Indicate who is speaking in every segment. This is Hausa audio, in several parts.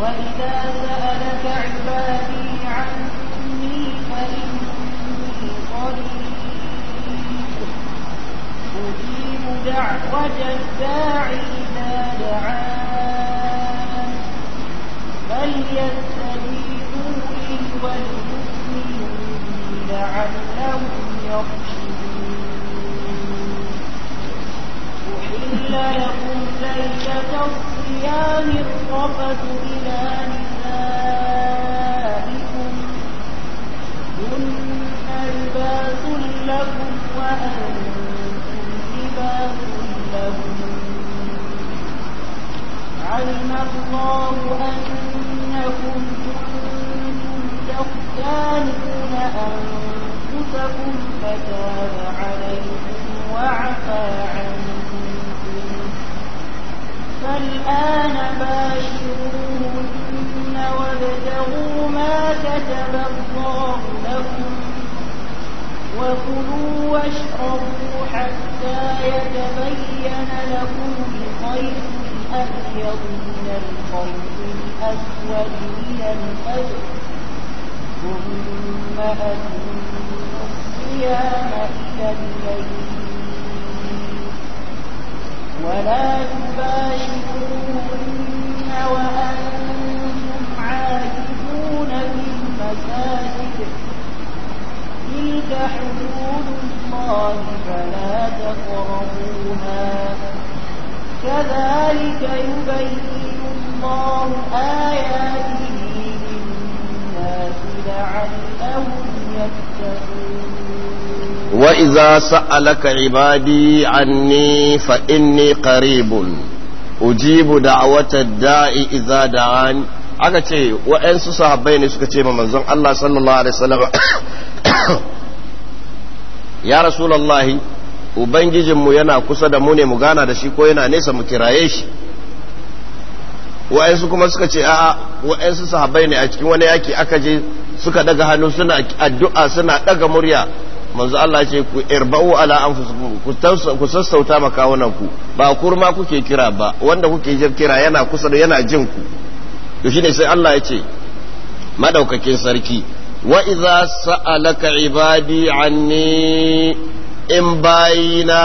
Speaker 1: وإذا سألك عبادي عني فإني قريب أجيب دعوة الداع إذا دعان فليستجيبوا لي وليؤمنوا لعلهم يرشدون يحل لكم ليلة الصيام الرفث إلى نسائكم هن لباس لكم وأنتم لباس لهم علم الله أنكم كنتم تختانون أنفسكم فتاب عليكم وعفى عنكم فالآن باشروهن وابتغوا ما كتب الله لكم وكلوا واشربوا حتى يتبين لكم الخيط الأبيض من الخيط الأسود من الفجر ثم أتموا الصيام إلى الليل ولا يباشرون وأنتم عاكفون في المساجد تلك حدود الله فلا تقربوها كذلك يبين الله آياته للناس لعلهم
Speaker 2: وإذا سألك عبادي عني فإني قريب أجيب دعوة الداء إذا دعان aka ce wa'yansu sahabbai ne suka ce ma manzon Allah sallallahu alaihi wasallam ya rasulullahi ubangijinmu yana kusa da mu ne mu gana da shi ko yana nesa mu kiraye shi wa'yansu kuma suka ce a'a wa'yansu sahabbai ne a cikin wani yaki aka je suka daga hannu suna addu'a suna daga murya manzo Allah ce ku irba'u ala anfusikum ku sassauta makawunan ku ba kurma kuke kira ba wanda kuke kira yana kusa da yana jin ku to shine sai Allah ya ce madaukakin sarki wa idza sa'alaka ibadi anni in bayina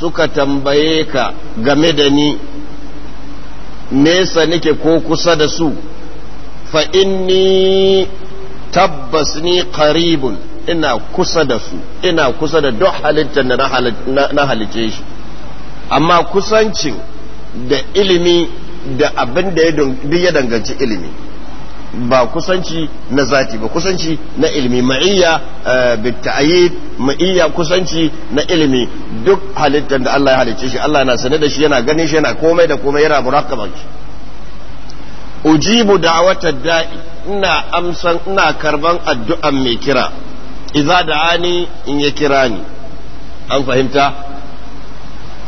Speaker 2: suka tambaye ka game da ni nesa nake ko kusa da su fa inni tabbas ni qaribun ina kusa da su ina kusa da duk halittar da na halice shi amma kusancin da ilimi da abin da ya danganci ilimi ba kusanci na zati ba kusanci na ilimi ma'iyya eh, bitta'ayyid ma'iyya kusanci na ilimi duk halittar da Allah ya halice shi Allah yana sane da shi yana ganin shi yana komai da komai yana muraqaban shi ujibu da'watad da'i ina amsan ina karban addu'an mai kira iza da'ani in ya kira ni an fahimta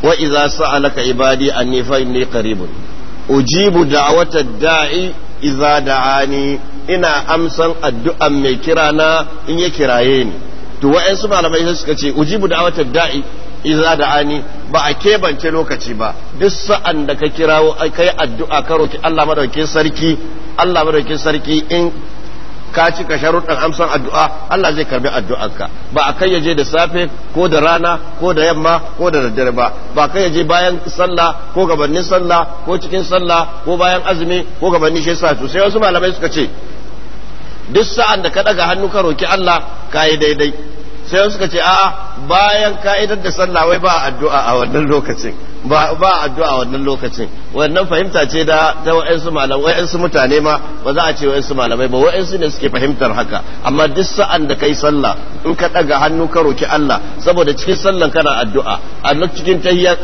Speaker 2: wa iza sa'alaka ibadi anni fa inni qaribun ujibu da'wata da'i iza da'ani ina amsan addu'a mai kira na in ya kiraye ni to wa'ansu malamai sai suka ce ujibu da'wata da'i iza da'ani ba a kebance lokaci ba duk sa'an da ka kirawo kai addu'a ka roki Allah madaukakin sarki Allah madaukakin sarki in ka cika sharuɗan amsan addu'a Allah zai karbi addu'arka ba a kai yaje da safe ko da rana ko da yamma ko da daddare ba ba kai yaje bayan sallah ko gabanin sallah ko cikin sallah ko bayan azumi ko gabanin shi sa sai wasu malamai suka ce duk sa'an da ka daga hannu ka roki Allah ka yi daidai sai wasu suka ce a'a bayan ka'idar da sallah wai ba addu'a a wannan lokacin ba ba addu'a wannan lokacin wannan fahimta ce da ta wa'ansu malamai wa'ansu mutane ma ba za a ce wa'ansu malamai ba wa'ansu ne suke fahimtar haka amma duk sa'an da kai sallah in ka daga hannu ka roki Allah saboda cikin sallan kana addu'a a cikin tahiyya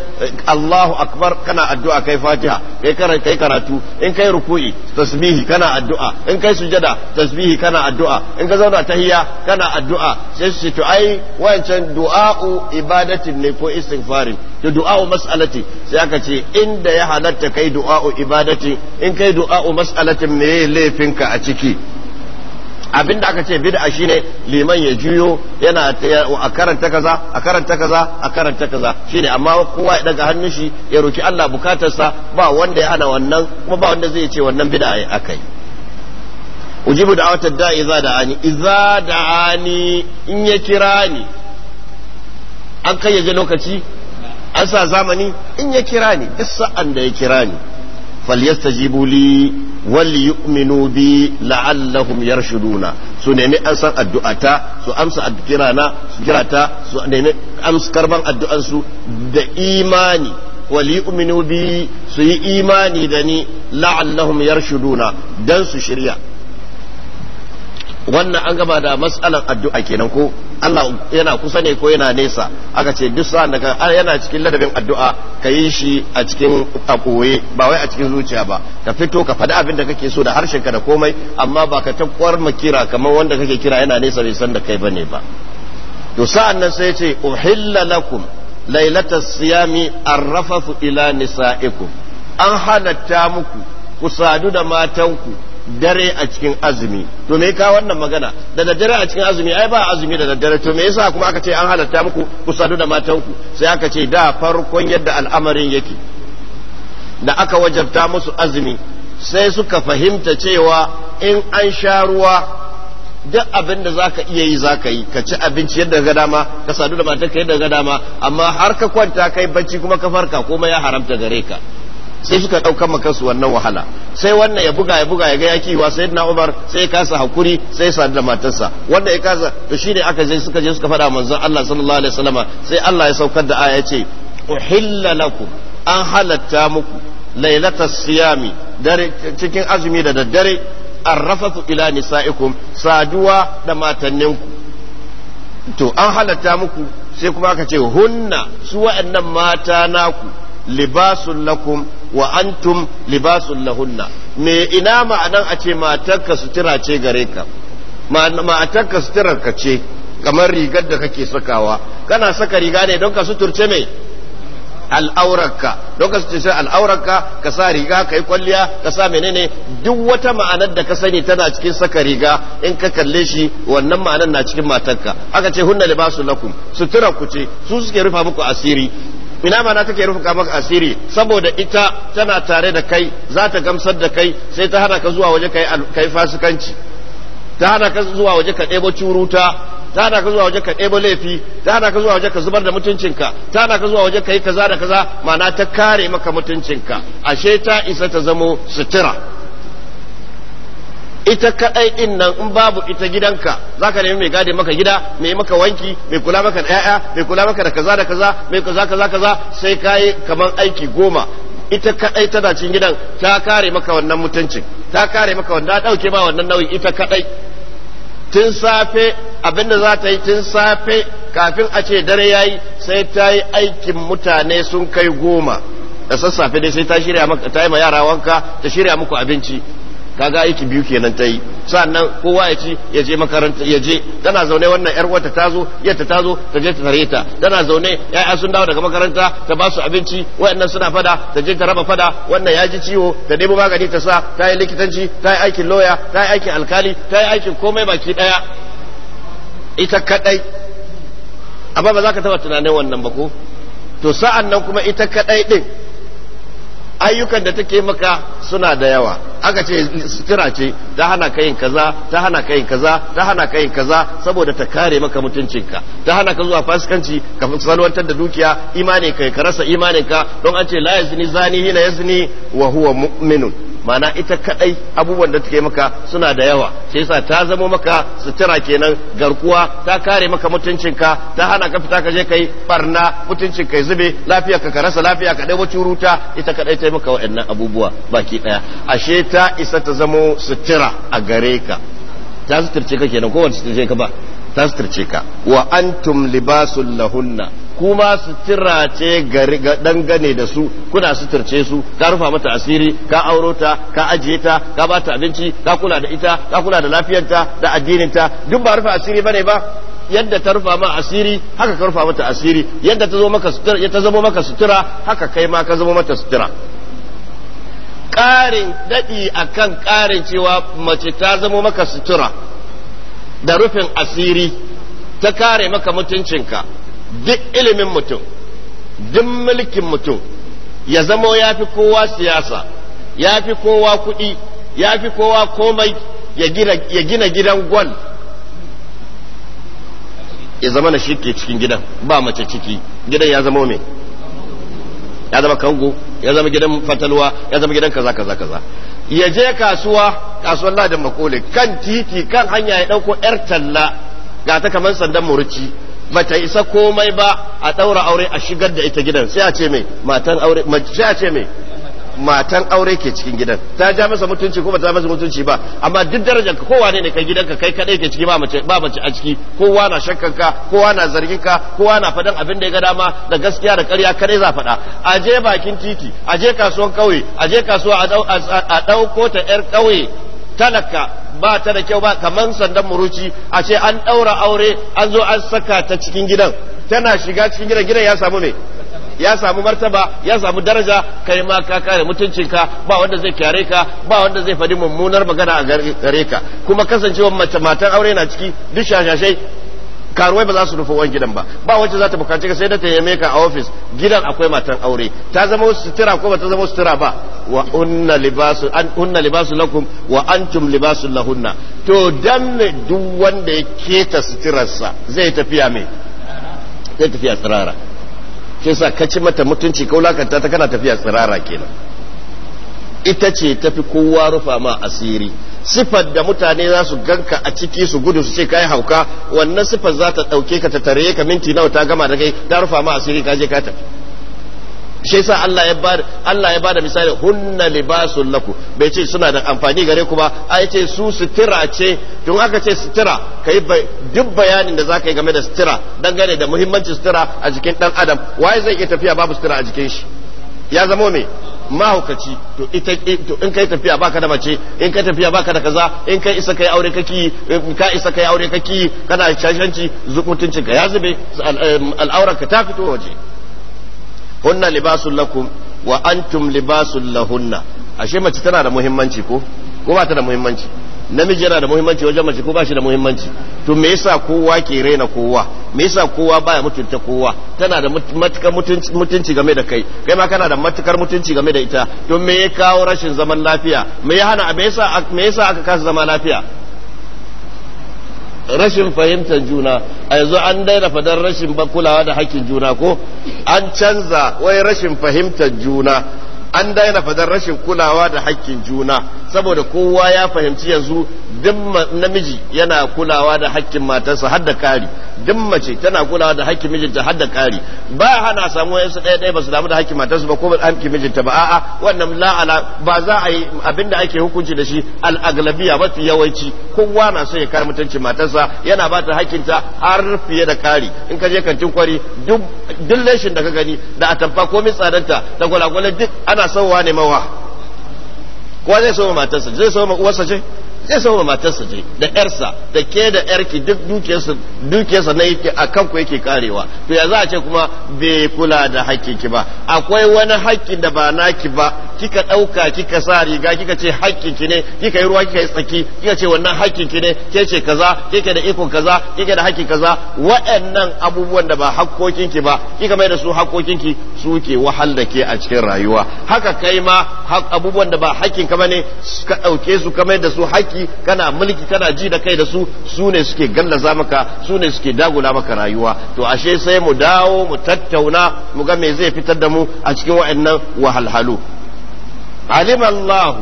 Speaker 2: Allahu akbar kana addu'a kai Fatiha kai kai karatu in kai ruku'i tasbihi kana addu'a in kai sujada tasbihi kana addu'a in ka zauna tahiyya kana addu'a sai su ai wancan du'a'u ibadatin ne ko istighfarin to du'a'u mas'alatin ibadati sai aka ce inda ya halatta kai du'a'u ibadati in kai du'a'u mas'alatin me laifinka a ciki abinda aka ce bid'a shine liman ya juyo yana a karanta kaza a karanta kaza a karanta kaza shine amma kowa ya daga hannun shi ya roki Allah bukatarsa ba wanda ya hana wannan kuma ba wanda zai ce wannan bid'a akai ujibu da'watad da'i iza da'ani iza da'ani in ya kira ni an kayyaje lokaci an sa zamani in ya kira ni duk sa'an da ya kira ni falyastajibu li wal yu'minu bi la'allahum yarshuduna su nemi an san addu'ata su amsa addu'irana su kirata su nemi amsa karban addu'an su da imani wal yu'minu bi su yi imani da ni la'allahum yarshuduna dan su shirya wannan an gama da matsalan addu'a kenan ko Allah yana kusa ne ko yana nesa aka ce duk sa'an da yana cikin ladabin addu'a ka yi shi a cikin akoye ba wai a cikin zuciya ba ka fito ka faɗi abin da kake so da harshen ka da komai amma ba ka takwar kira kamar wanda kake kira yana nesa bai san da kai bane ba to sa'an nan sai ce uhilla lakum lailatas siyami arrafafu ila nisa'ikum an halatta muku ku sadu da matanku dare a cikin azumi to me ka wannan magana da dare a cikin azumi ai ba azumi da daddare to me yasa kuma aka ce an halatta muku ku sadu da matanku sai aka ce da farkon yadda al'amarin yake da aka wajabta musu azumi sai suka fahimta cewa in an sha ruwa duk abin da zaka iya yi zaka yi ka ci abinci yadda ga dama ka sadu da ka yadda ga dama amma har ka kwanta kai bacci kuma ka farka komai ya haramta gare ka sai suka ɗauka maka su wannan wahala sai wannan ya buga ya buga ya ga ya kiwa sai na umar sai ya kasa hakuri sai ya sadu da matarsa wanda ya kasa to shine aka je suka je suka faɗa manzon Allah sallallahu alaihi wasallama sai Allah ya saukar da aya ce uhilla lakum an halatta muku lailatas siyami dare cikin azumi da daddare arrafatu ila nisaikum saduwa da matanninku to an halatta muku sai kuma aka ce hunna su wa'annan mata naku libasun lakum wa antum libasun lahunna me ina ma'anan a ce matarka sutura ce gare ka matarka suturar ka ce kamar rigar da kake sakawa kana saka riga ne don ka suturce mai al'aurarka don ka ce al'aurarka ka sa riga ka yi kwalliya ka sa menene duk wata ma'anar da ka sani tana cikin saka riga in ka kalle shi wannan ma'anar na cikin matarka aka ce hunna libasun lakum sutura ku ce su suke rufa muku asiri ina mana take rufa maka asiri saboda ita tana tare da kai za ta gamsar da kai sai ta hana ka zuwa waje kai fasikanci ta hana ka zuwa waje ka ɗebo curuta ta hana ka zuwa waje ka ɗebo laifi ta hana ka zuwa waje ka zubar da mutuncinka ta hana ka zuwa waje ka yi kaza da kaza ma'ana ta kare maka mutuncinka ashe ta isa ta zamo sutura ita kadai din nan in babu ita gidanka zaka nemi mai gade maka gida mai maka wanki mai kula maka da yaya mai kula maka da kaza da kaza mai kaza kaza kaza sai kai kaman aiki goma ita kadai tana cin gidan ta kare maka wannan mutuncin ta kare maka wannan dauke ba wannan nauyi ita kadai tun safe abinda za ta yi tun safe kafin a ce dare yayi sai ta yi aikin mutane sun kai goma da sassafe dai sai ta shirya maka ta yi ma yara wanka ta shirya muku abinci kaga aiki biyu kenan ta yi sannan kowa ya ci ya je makaranta ya je tana zaune wannan yar wata ta zo yadda ta zo ta je ta tare ta tana zaune ya'ya sun dawo daga makaranta ta ba su abinci wayannan suna fada ta je ta raba fada wannan ya ji ciwo ta nemo magani ta sa ta yi likitanci ta yi aikin loya ta yi aikin alkali ta yi aikin komai baki daya ita kadai amma ba za ka taba tunanin wannan ba ko to sa'annan kuma ita kadai din ayyukan da take maka suna da yawa aka ce sutura ce ta hana kayin kaza ta hana ka kaza ta hana kayin kaza saboda ta kare maka mutuncinka ta hana ka zuwa fasikanci ka salwantar da dukiya imani kai ka rasa imanin ka don an ce la yazni zani hina yazni wa huwa mu'minun ma'ana ita kadai abubuwan da take maka suna da yawa sai yasa ta zamo maka sutura kenan garkuwa ta kare maka mutuncinka ta hana ka fita ka je kai barna mutuncin kai zube lafiya ka rasa lafiya ka dai ruta ita kadai ta maka waɗannan abubuwa baki daya ashe ta isa ta zamo sutura a gare ka ta suturce ka kenan kowace suturce ka ba ta suturce ka wa antum libasul lahunna kuma sutura ce dangane da su kuna suturce su ka rufa mata asiri ka auro ta ka ajiye ta ka ba ta abinci ka kula da ita ka kula da lafiyarta da addininta duk ba rufa asiri bane ba yadda ta rufa ma asiri haka ka rufa mata asiri yadda ta zo maka sutura ta zama maka sutura haka kai ma ka zama mata sutura ƙarin daɗi akan ƙarin cewa mace ta zama maka sutura da rufin asiri ta kare maka mutuncinka duk ilimin mutum duk mulkin mutum ya zamo ya fi kowa siyasa ya fi kowa kuɗi ya fi kowa komai ya gina gidan gwal ya zama na shi ke cikin gidan ba mace ciki gidan ya zama mai ya zama kango ya zama gidan fatalwa ya zama gidan kaza kaza kaza ya je kasuwa kasuwar ladin makole kan titi kan hanya ya dauko yar talla ga ta kamar sandan murci bata isa komai ba a ɗaura aure a shigar da ita gidan sai a ce mai matan aure sai a ce mai matan aure ke cikin gidan ta ja masa mutunci ko ba ta masa mutunci ba amma duk darajar ka kowa ne kai gidanka kai kadai ke ciki ba mace ba mace a ciki kowa na shakkan ka kowa na zargin ka kowa na fadan abin da ya ga dama da gaskiya da ƙarya kadai za faɗa aje bakin titi aje je kasuwan kauye aje je kasuwa a ɗauko ta yar kauye talaka ba ta da kyau ba kaman sandan muruci a ce an ɗaura aure an zo an saka ta cikin gidan tana shiga cikin gidan gidan ya samu me ya samu martaba ya samu daraja kai ma ka kare mutuncinka ba wanda zai kyare ka ba wanda zai faɗi mummunar magana a gare ka kuma kasancewar mace matan aure na ciki duk shashashai karuwai ba za su rufe wani gidan ba ba wacce za ta bukaci ka sai da ta yame ka a ofis gidan akwai matan aure ta zama wasu sutura ko ba ta zama sutura ba wa unna libasu an unna libasu lakum wa antum libasu lahunna to dan ne duk wanda ya keta suturarsa zai tafiya me zai tafiya tsirara shi sa ka ci mata mutunci ka wulakanta ta kana tafiya tsirara kenan ita ce tafi kowa rufa ma asiri sifar da mutane za su ganka a ciki su gudu su ce kai hauka wannan sifar za ta ɗauke ka ta tare ka minti nawa ta gama da kai ta rufa ma asiri ka je ka tafi shi yasa Allah ya ba Allah ya bada misali hunna libasul laku bai ce suna da amfani gare ku ba ai ce su sutura ce don aka ce sutura kai duk bayanin da zaka yi game da sutura gane da muhimmancin sutura a jikin dan adam waye zai iya tafiya babu sutura a jikin shi ya zama me mahaukaci to ita eh, to in kai tafiya baka da mace in kai tafiya baka da kaza in kai isa kai aure kake ka isa kai aure kake eh, kana cancanci zukuntuncin ka ya zube eh, al'aurar ka ta fito waje hunna libasul lakum wa antum libasul lahunna ashe mace tana da muhimmanci ko ko ba ta da muhimmanci namiji yana da muhimmanci wajen mace ko bashi da muhimmanci to me yasa kowa ke raina kowa me yasa kowa baya mutunta kowa tana da matukar mutunci game da kai kai ma kana da matukar mutunci game da ita to me ya kawo rashin zaman lafiya me ya hana me yasa me yasa aka kasa zama lafiya rashin fahimtar juna a yanzu an daina fadar rashin kulawa da hakkin juna ko an canza wai rashin fahimtar juna an daina fadar rashin kulawa da hakkin juna saboda kowa ya fahimci yanzu duk namiji yana kulawa da hakkin matarsa har da kari duk mace tana kulawa da hakkin mijinta har da kari ba hana samu wayansu ɗaya ɗaya ba su damu da hakkin matarsa ba ko ba hakkin mijinta ba a'a wannan la'ala ba za a yi abinda ake hukunci da shi al'aglabiya mafi yawanci kowa na so ya kare mutunci matarsa yana ba ta hakkinta har fiye da kari in ka je kantin kwari duk leshin da ka gani da atamfa komai tsadarta da gwalagwalar duk ana sowa ne mawa kowa zai so matarsa zai sauwa uwarsa ce zai sama matarsa ce da yarsa da ke da yarki duk dukiyarsa na yake a kanku yake karewa to ya za a ce kuma bai kula da ki ba akwai wani haƙƙi da ba naki ba kika ɗauka kika sa riga kika ce ki ne kika yi ruwa kika yi tsaki kika ce wannan ki ne ke ce kaza kike da iko kaza kike da hakki kaza waɗannan abubuwan da ba ki ba kika mai da su ki su ke wahal da ke a cikin rayuwa haka kai ma abubuwan da ba hakkin ka bane ka ɗauke su ka mai da su hakki mulki kana mulki kana ji da kai da su su ne suke gallaza maka su ne suke dagula maka rayuwa to ashe sai mu dawo mu tattauna mu ga me zai fitar da mu a cikin wa'annan wahalhalu alimallahu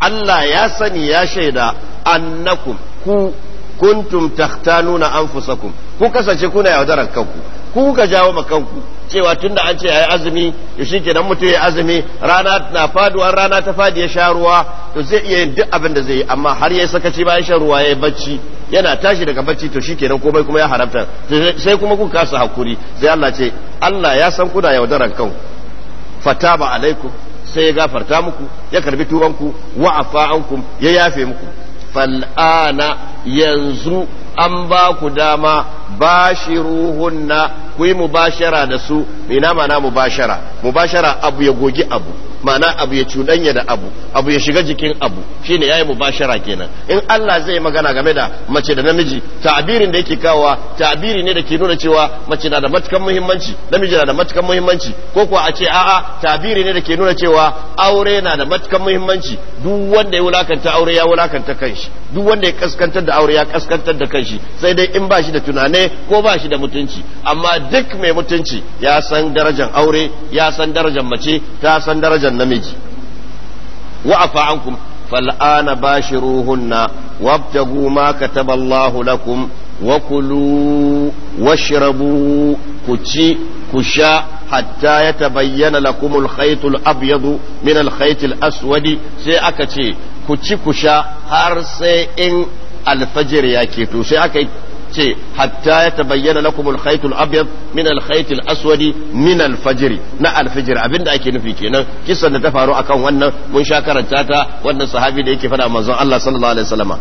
Speaker 2: Allah ya sani ya shaida annakum ku kuntum tahtanuna anfusakum ku kasance kuna yaudarar kanku ku ka jawo kanku. cewa tun da an ce yi azumi ke nan mutum ya azumi rana na faduwar rana ta fadi ya sha ruwa to zai iya yin duk abin da zai yi amma har ya sakaci bayan shan ruwa ya yi bacci yana tashi daga bacci to shi shikenan komai kuma ya haramta sai kuma kun kasa hakuri sai Allah ce Allah ya san kuna yaudaran kanku fataba alaikum sai ya gafarta muku ya karbi tubanku wa afa ankum ya yafe muku fal'ana yanzu an ba ku dama bashiruhunna ku yi mubashara da su ina mana mubashara mubashara abu ya gogi abu ma'ana abu ya cuɗanya da abu abu ya shiga jikin abu shine yayi mubashara kenan in Allah zai magana game da mace da namiji ta'birin da yake kawowa ta'biri ne da ke nuna cewa mace na da matukan muhimmanci namiji na da matukan muhimmanci ko kuwa a ce a'a ta'biri ne da ke nuna cewa aure na da matukan muhimmanci duk wanda ya wulakanta aure ya wulakanta kanshi duk wanda ya kaskantar da aure ya kaskantar da kanshi sai dai in ba shi da tunane ko ba shi da mutunci amma duk mai mutunci ya san darajar aure ya san darajar mace ta san darajar halittar namiji wa afa ankum fal'ana bashiruhunna wabtagu ma kataballahu lakum wa kulu washrabu ku ci ku sha hatta ya tabayyana lakum al-khaytul abyadu min al-khaytil aswadi sai aka ce ku ci ku sha har sai in alfajir ya keto sai aka ce hatta ya tabayyana lakum al-khayt al-abyad min al-khayt min al na al-fajr abinda ake nufi kenan kisan da ta faru akan wannan mun sha karanta ta wannan sahabi da yake fada manzon Allah sallallahu alaihi wasallama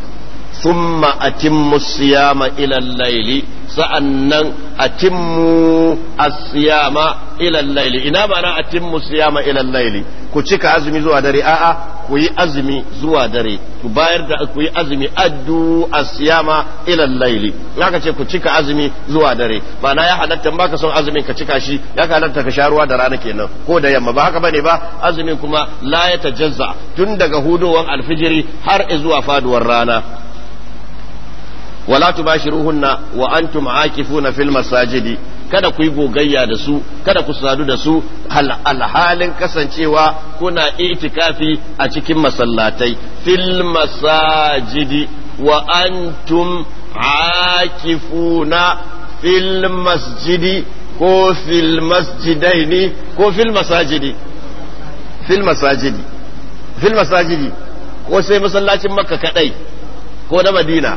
Speaker 2: thumma atimmu siyama ila al-layli sa'annan atimmu as-siyama ila al-layli ina ma'ana atimmu siyama ila al-layli ku cika azumi zuwa dare a'a ku yi azumi zuwa dare bayar da ku yi azumi addu as-siyama ila al-layli naka ce ku cika azumi zuwa dare ma'ana ya halatta baka son azumin ka cika shi ya halatta ka sha ruwa da rana kenan ko da yamma ba haka bane ba azumin kuma la ya tajazza tun daga hudowan alfijiri har zuwa faduwar rana wala tubashiruhunna wa antum aakifuna fil masajidi kada ku yi gogayya da su kada ku sadu da su alhalin kasancewa kuna itikafi a cikin masallatai fil masajidi wa antum aakifuna fil masjidi ko fil masjidaini ko fil masajidi fil masajidi fil masajidi ko sai masallacin makka kadai ko na madina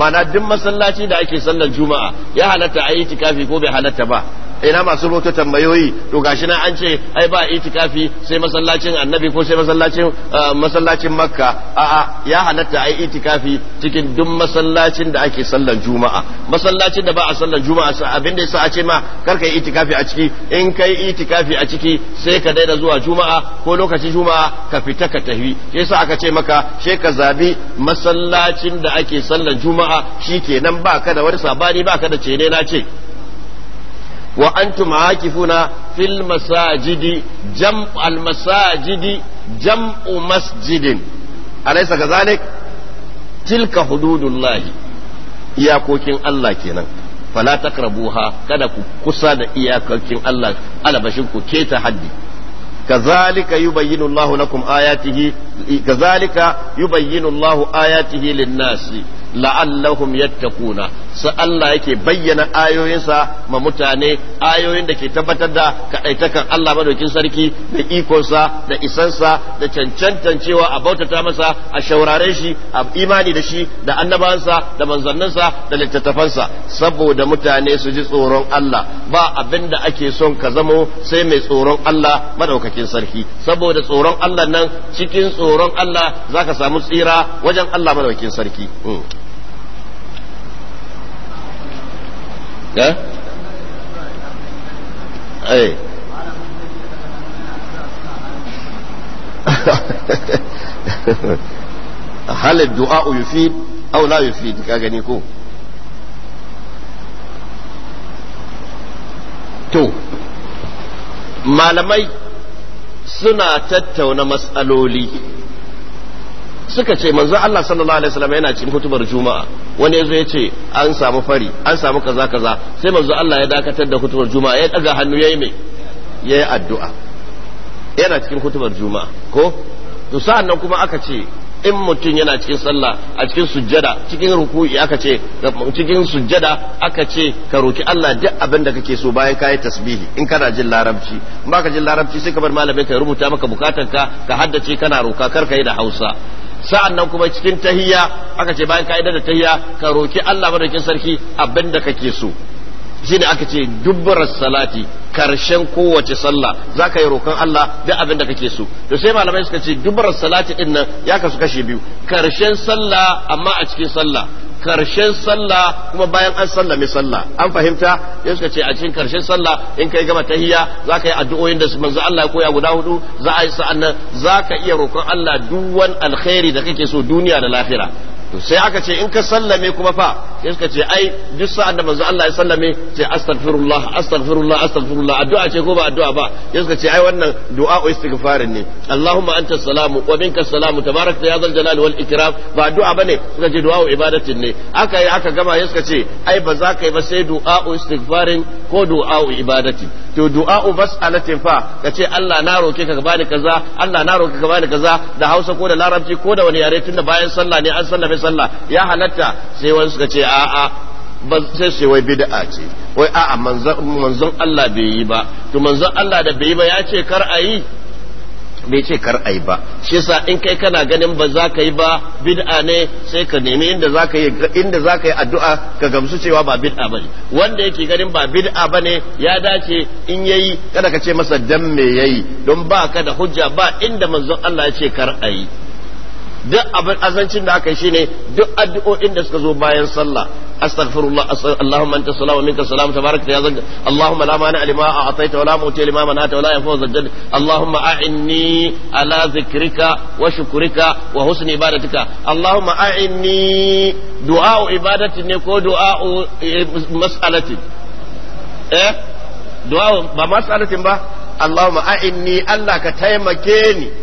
Speaker 2: ma'ana duk masallaci da ake sallar juma'a ya halatta a yi tikafi ko bai halatta ba ina masu roto tambayoyi to gashi na an ce ai ba itikafi sai masallacin annabi ko sai masallacin eh, masallacin makka a'a ya halatta ai itikafi cikin duk masallacin da ake sallar juma'a masallacin da ba a sallar juma'a abin da yasa a ce ma kar yi itikafi a ciki in kai itikafi a ciki sai ka daina zuwa juma'a ko lokacin juma'a ka fita ka tafi yasa aka ce maka sai ka zabi masallacin da ake sallar juma'a shikenan ba ka da wani sabani ba ka da cene na ce wa antum akifuna fil masajidi jam al masajidi jam'u masjidin alaysa kazalik tilka hududullahi iyakokin Allah kenan fala taqrabuha kada ku kusa da iyakokin Allah alabashin ku keta haddi كذلك يبين yi لكم آياته كذلك يبين la'allahum yattaquna sa Allah yake bayyana ayoyinsa ma mutane ayoyin da ke tabbatar da kaɗaitakan Allah madaukin sarki da ikonsa da isansa da cancantan cewa a bautata masa a shaurare shi a imani da shi da annabansa da manzanninsa da littattafansa saboda mutane su ji tsoron Allah ba abinda ake son ka zamo sai mai tsoron Allah madaukakin sarki saboda tsoron Allah nan cikin tsoron Allah zaka samu tsira wajen Allah madaukakin sarki hmm. eh eh hal du'a yufid aw la yufid ka gani ko malamai suna tattauna mas'aloli. suka ce manzo Allah sallallahu alaihi wasallam yana cikin hutubar juma'a wani yazo ya ce an samu fari an samu kaza kaza sai manzo Allah ya dakatar da hutubar juma'a ya daga hannu yayi mai yayi addu'a yana cikin hutubar juma'a ko to sa'an nan kuma aka ce in mutum yana cikin sallah a cikin sujjada cikin ruku'i aka ce cikin sujjada aka ce ka roki Allah duk abin da kake so bayan kayi tasbihi in kana jin larabci in baka jin larabci sai ka bar malamai ka rubuta maka bukatanka ka ka haddace kana roka kar ka yi da Hausa sa'an nan kuma cikin tahiya aka ce bayan ka'idar da tahiya ka roki Allah madaukin sarki abin da kake so shi ne aka ce dubbarar salati karshen kowace sallah za ka yi roƙon Allah duk abin da kake so da sai malamai suka ce dubbarar salati ɗin nan ya kasu kashe biyu karshen sallah amma a cikin sallah karshen sallah kuma bayan an sallame sallah an fahimta ya suka ce a cikin karshen sallah in kai gama tahiyya za ka yi addu'o'in da manzo Allah ya koya guda hudu za a yi sa'annan za ka iya roƙon Allah duwan alkhairi da kake so duniya da lafira to sai aka ce in ka sallame kuma fa sai suka ce ai duk sa'ad da manzo Allah ya sallame ce astaghfirullah astaghfirullah astaghfirullah addu'a ce ko ba addu'a ba sai suka ce ai wannan du'a istighfarin ne Allahumma anta salamu wa minka salamu tabarakta ya zal jalali wal ikram ba addu'a bane suka ce du'a ibadatin ne aka yi aka gama sai suka ce ai ba za ka yi ba sai du'a istighfarin ko du'a ibadati to du'a bas'alatin fa ka ce Allah na roke ka bani kaza Allah na roke ka bani kaza da Hausa ko da Larabci ko da wani yare tunda bayan sallah ne an sallame sallah ya halatta sai wani suka ce a'a sai sai wai bid'a ce wai a'a manzon Allah bai yi ba to manzon Allah da bai yi ba ya ce kar a yi bai ce kar a yi ba shi yasa in kai kana ganin ba za ka yi ba bid'a ne sai ka nemi inda za ka yi inda za ka yi addu'a ka gamsu cewa ba bid'a bane wanda yake ganin ba bid'a bane ya dace in yayi kada ka ce masa dan me yayi don ba ka da hujja ba inda manzon Allah ya ce kar a yi duk abin azancin da aka yi shine duk addu'o'in da suka zo bayan sallah astaghfirullah allahumma anta salamu minka salamu tabarakta ya zanga allahumma la mani alima a'taita wa la mu'ti lima manata wa la yanfa'u zaljad allahumma a'inni ala zikrika wa shukrika wa husni ibadatika allahumma a'inni du'a ibadati ne ko du'a mas'alati eh, eh? du'a ba mas'alatin ba allahumma a'inni allah ka taimake ni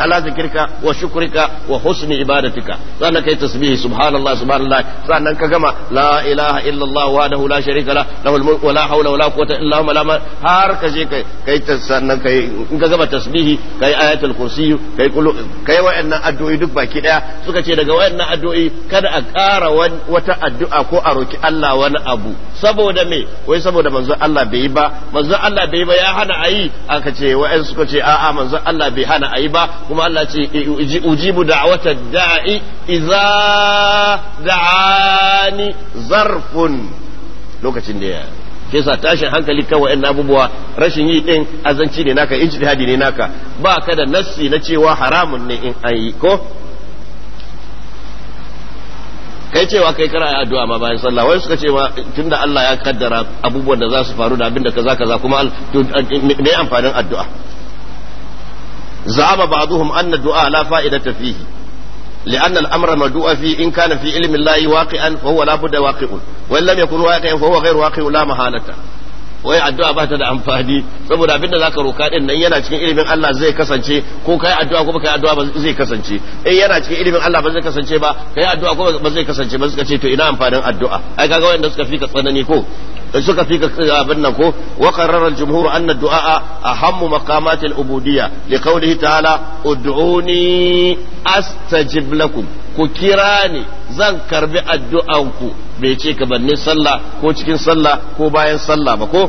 Speaker 2: ala zikirka wa shukrika wa husni ibadatika sannan kai tasbihi subhanallah subhanallah sannan ka gama la ilaha illallah wahdahu la sharika la lahul mulku wa la hawla wa la quwwata illa huwa har ka je kai kai sannan kai in ka gama tasbihi kai ayatul kursi kai kullu kai wayannan addu'o'i duk baki daya suka ce daga wayannan addu'o'i kada a ƙara wata addu'a ko a roki Allah wani abu saboda me wai saboda manzon Allah bai yi ba manzon Allah bai yi ba ya hana ayi aka ce wayan suka ce a'a manzon Allah bai hana ayi ba kuma Allah ce ujibu da'wata da'i idza da'ani zarfun lokacin da ya ke sa tashin hankali kan wa'in abubuwa rashin yi din azanci ne naka ijtihadi ne naka ba ka da nassi na cewa haramun ne in ayi ko kai cewa kai kara addu'a ma bayan sallah wai suka ce ma tunda Allah ya kaddara abubuwan da za su faru da abinda da kaza kaza kuma ne amfanin addu'a za'ama ba'dhum anna du'a la fa'idata fihi لأن الأمر موضوع فيه إن كان في علم الله واقعا فهو لا بد واقع وإن لم يكن واقعا فهو غير واقع لا محالة wai addu'a ba ta da amfani saboda abinda za ka roka din nan yana cikin ilimin Allah zai kasance ko kai addu'a ko kai addu'a ba zai kasance eh yana cikin ilimin Allah ba zai kasance ba kai addu'a ko ba zai kasance ba suka ce to ina amfanin addu'a ai kaga wanda suka fika tsanani ko suka fi abin nan ko wa qarrara al-jumhur anna ad-du'a ahammu maqamat al-ubudiyya li qawlihi ta'ala ud'uni astajib lakum ku kira ni zan karbi ku bai ce ka banne sallah ko cikin sallah ko bayan sallah ba ko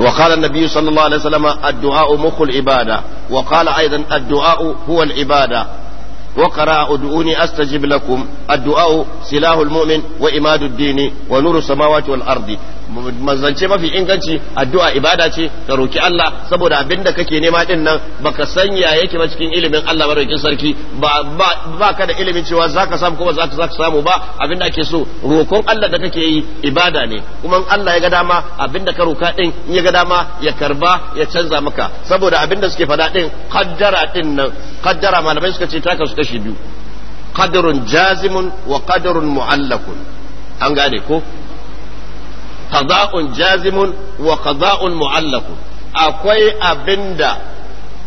Speaker 2: وقال النبي صلى الله عليه وسلم الدعاء مخ العبادة وقال أيضا الدعاء هو العبادة وقرأ ادعوني أستجب لكم الدعاء سلاح المؤمن وإماد الدين ونور السماوات والأرض manzance mafi inganci addu'a ibada ce ka roki Allah saboda abin da kake nema din nan baka san ya yake ba cikin ilimin Allah madaukakin sarki ba ka da ilimin cewa zaka samu ko ba zaka samu ba abin da ake so rokon Allah da kake yi ibada ne kuma Allah ya ga dama abin da ka roka din in ya ga dama ya karba ya canza maka saboda abin da suke fada din kaddara din nan kaddara malamai suka ce ta kasu kashi biyu qadrun jazimun wa qadrun mu'allakun an gane ko qada'un jazimun wa qada'un mu'allaqun akwai abinda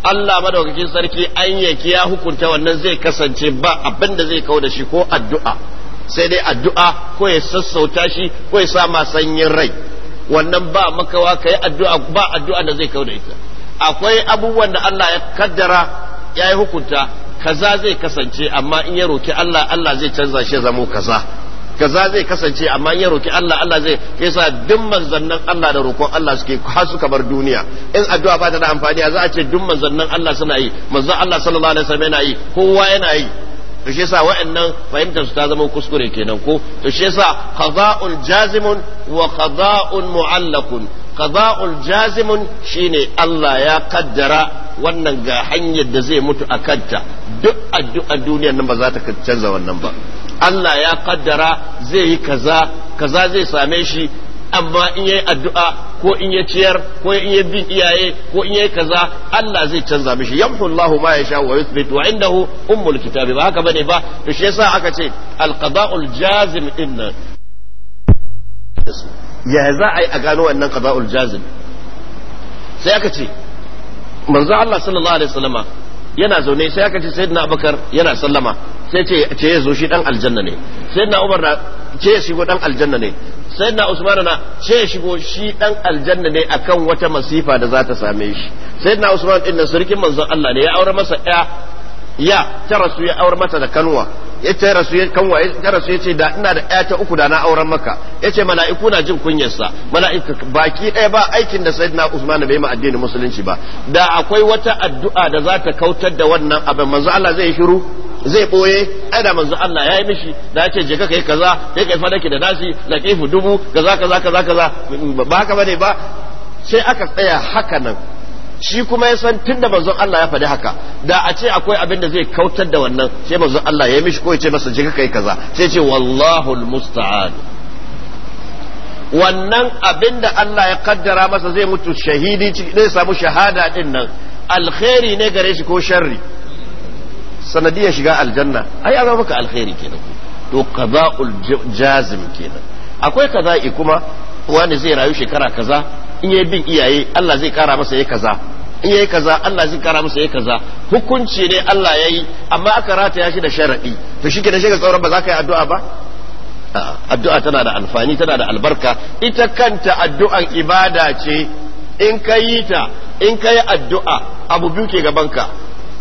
Speaker 2: Allah madaukakin sarki an yake ya hukunta wannan zai kasance ba abinda zai kawo da shi ko addu'a sai dai addu'a ko ya sassauta shi ko ya sa ma sanyin rai wannan ba makawa kai addu'a ba addu'a da zai kawo da ita akwai abubuwan da Allah ya kaddara ya yi hukunta kaza zai kasance amma in ya roki Allah Allah zai canza shi zamo kaza kaza zai kasance amma ya roki Allah Allah zai yasa duk manzannin Allah da roƙon Allah suke har suka bar duniya in addu'a ba ta da amfani za a ce duk manzannin Allah suna yi manzon Allah sallallahu alaihi wasallam yana yi kowa yana yi to shi yasa wa'annan fahimtar su ta zama kuskure kenan ko to shi yasa qada'un jazimun wa qada'un mu'allaqun qada'ul jazimun shine Allah ya kaddara wannan ga hanyar da zai mutu a kanta duk addu'a duniyar nan ba za ta canza wannan ba Allah ya kaddara zai yi kaza kaza zai same shi amma in yayi addu'a ko in ya ciyar ko in ya bin iyaye ko in yayi kaza Allah zai canza mishi yamhu Allahu ma yasha wa yuthbit wa indahu ummul kitabi ba haka bane ba to shi yasa aka ce al-qada'ul jazim din ya za a yi a gano wannan qada'ul jazim sai aka ce manzo Allah sallallahu alaihi wasallama yana zaune sai aka ce na Abakar yana sallama sai ce ce ya zo shi dan aljanna ne sai na umar na ce ya shigo dan aljanna ne Sai na usman na ce ya shigo shi dan aljanna ne akan wata masifa da za ta same shi sai na usman din nan sarkin manzon Allah ne ya aure masa ya ya ta rasu ya aure mata da kanwa ya ce rasu ya kanwa ya rasu ya ce da ina da ɗaya ta uku da na auren maka ya ce mala'iku na jin kunyarsa mala'iku baki ɗaya ba aikin da sayyidina usman bai ma addinin musulunci ba da akwai wata addu'a da za ta kautar da wannan abin manzo Allah zai shiru zai boye ai da manzo Allah ya yi mishi da ya ce je ka kai kaza kai kai fadaki da nasi laqifu dubu kaza kaza kaza kaza ba haka bane ba sai aka tsaya haka nan shi kuma ya san tunda manzon Allah ya faɗi haka da a ce akwai abin da zai kautar da wannan sai manzon Allah ya mishi ko ya ce masa je kai kaza sai ce wallahul musta'an wannan abin da Allah ya kaddara masa zai mutu shahidi zai samu shahada din nan alkhairi ne gare shi ko sharri sanadiyar shiga aljanna ai an maka alkhairi kenan to qada'ul jazim kenan akwai kaza'i kuma wani zai rayu shekara kaza in yayi bin iyaye Allah zai kara masa yayi kaza in yayi kaza Allah zai kara masa yayi kaza hukunci ne Allah yayi amma aka rataya shi da sharadi to shi kenan shiga tsauran ba za ka yi addu'a ba addu'a tana da alfani tana da albarka ita kanta addu'an ibada ce in ka yi ta in ka yi addu'a abu biyu ke gabanka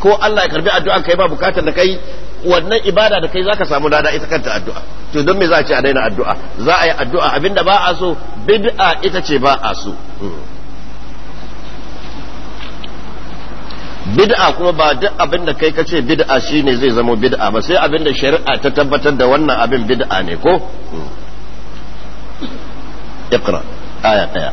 Speaker 2: ko Allah ya karbi addu'an kai ba bukatar da kai wannan ibada da kai zaka samu dada ita kanta addu'a to don me za a ce a daina addu'a za a yi addu'a abinda ba a so bid'a ita ce ba a so hmm. bid'a kuma ba duk abin da kai ka ce bid'a shine zai zama bid'a ba sai abin da shari'a ta tabbatar da wannan abin bid'a ne ko اقرا hmm. aya ايه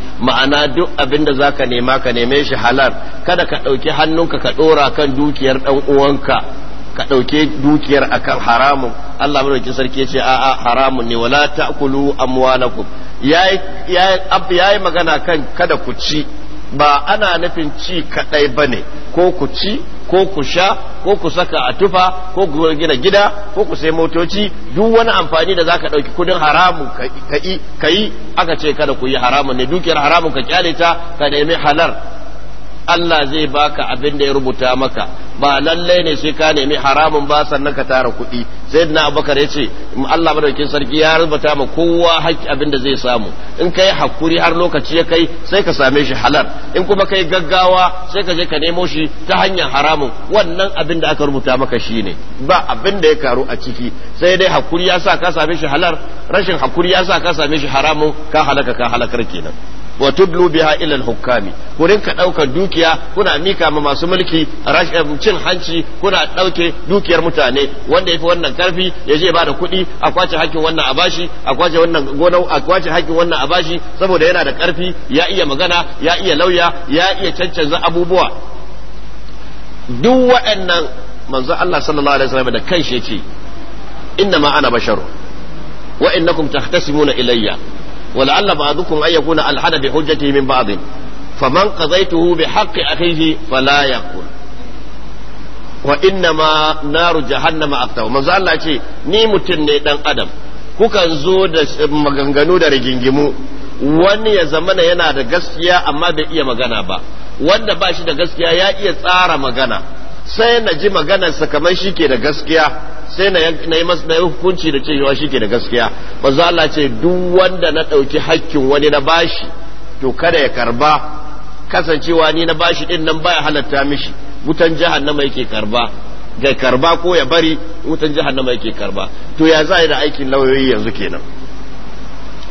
Speaker 2: ma'ana duk abin da zaka nema ka neme shi halal kada ka ɗauki hannunka ka ɗora kan dukiyar ɗan uwanka ka ɗauke dukiyar akan haramun Allah madauki sarki ce a'a haramun ne wala ta'kulu amwalakum yayi yayi magana kan kada ku ci ba ana nufin ci kaɗai ba ne ko ku ci ko ku sha ko ku saka a tufa ko ku gina gida ko ku sai motoci duk wani amfani da zaka ɗauki kudin haramun ka yi aka ce kada ku yi haramun ne dukiyar haramun ka kyale ta ka nemi halar Allah zai baka abin da ya rubuta maka ba lalle ne sai ka nemi haramun ba sannan ka tara kuɗi sai na abubakar ya ce Allah madaukin sarki ya rubuta ma kowa haƙƙi abin da zai samu in ka hakuri har lokaci ya kai sai ka same shi halal in kuma ka gaggawa sai ka je ka nemo shi ta hanyar haramun wannan abin da aka rubuta maka shine. ba abin da ya karu a ciki sai dai hakuri ya sa ka same shi halal rashin hakuri ya sa ka same shi haramun ka halaka ka halakar kenan wa tudlu biha ila al-hukami ku rinka daukar dukiya kuna mika ma masu mulki eh, cin hanci kuna dauke dukiyar mutane wanda yafi wannan karfi ya je ba da kuɗi a kwace hakkin wannan a bashi a kwace wannan gona a kwace hakkin wannan a bashi saboda yana da karfi ya iya magana ya iya lauya ya iya cancanza abubuwa duk waɗannan manzo Allah sallallahu alaihi wasallam da kanshi yace inna ma ana basharu wa innakum tahtasimuna ilayya ولعل بعضكم أن يكون ألحد بحجته من بعض فمن قضيته بحق أخيه فلا يقول وإنما نار جهنم أكثر من زال الله شيء ني متن kukan zo da maganganu da rigingimu wani ya zamana yana da gaskiya amma bai iya magana ba wanda ba shi da gaskiya ya iya tsara magana sai na ji maganarsa kamar shi ke da gaskiya sai na yi hukunci da cewa shi ke da gaskiya manzo Allah ce duk wanda na ɗauki hakkin wani na bashi to kada ya karba kasancewa ni na bashi din nan baya halatta mishi wutan jahannama yake karba ga karba ko ya bari wutan jahannama yake karba to ya za a yi da aikin lauyoyi yanzu kenan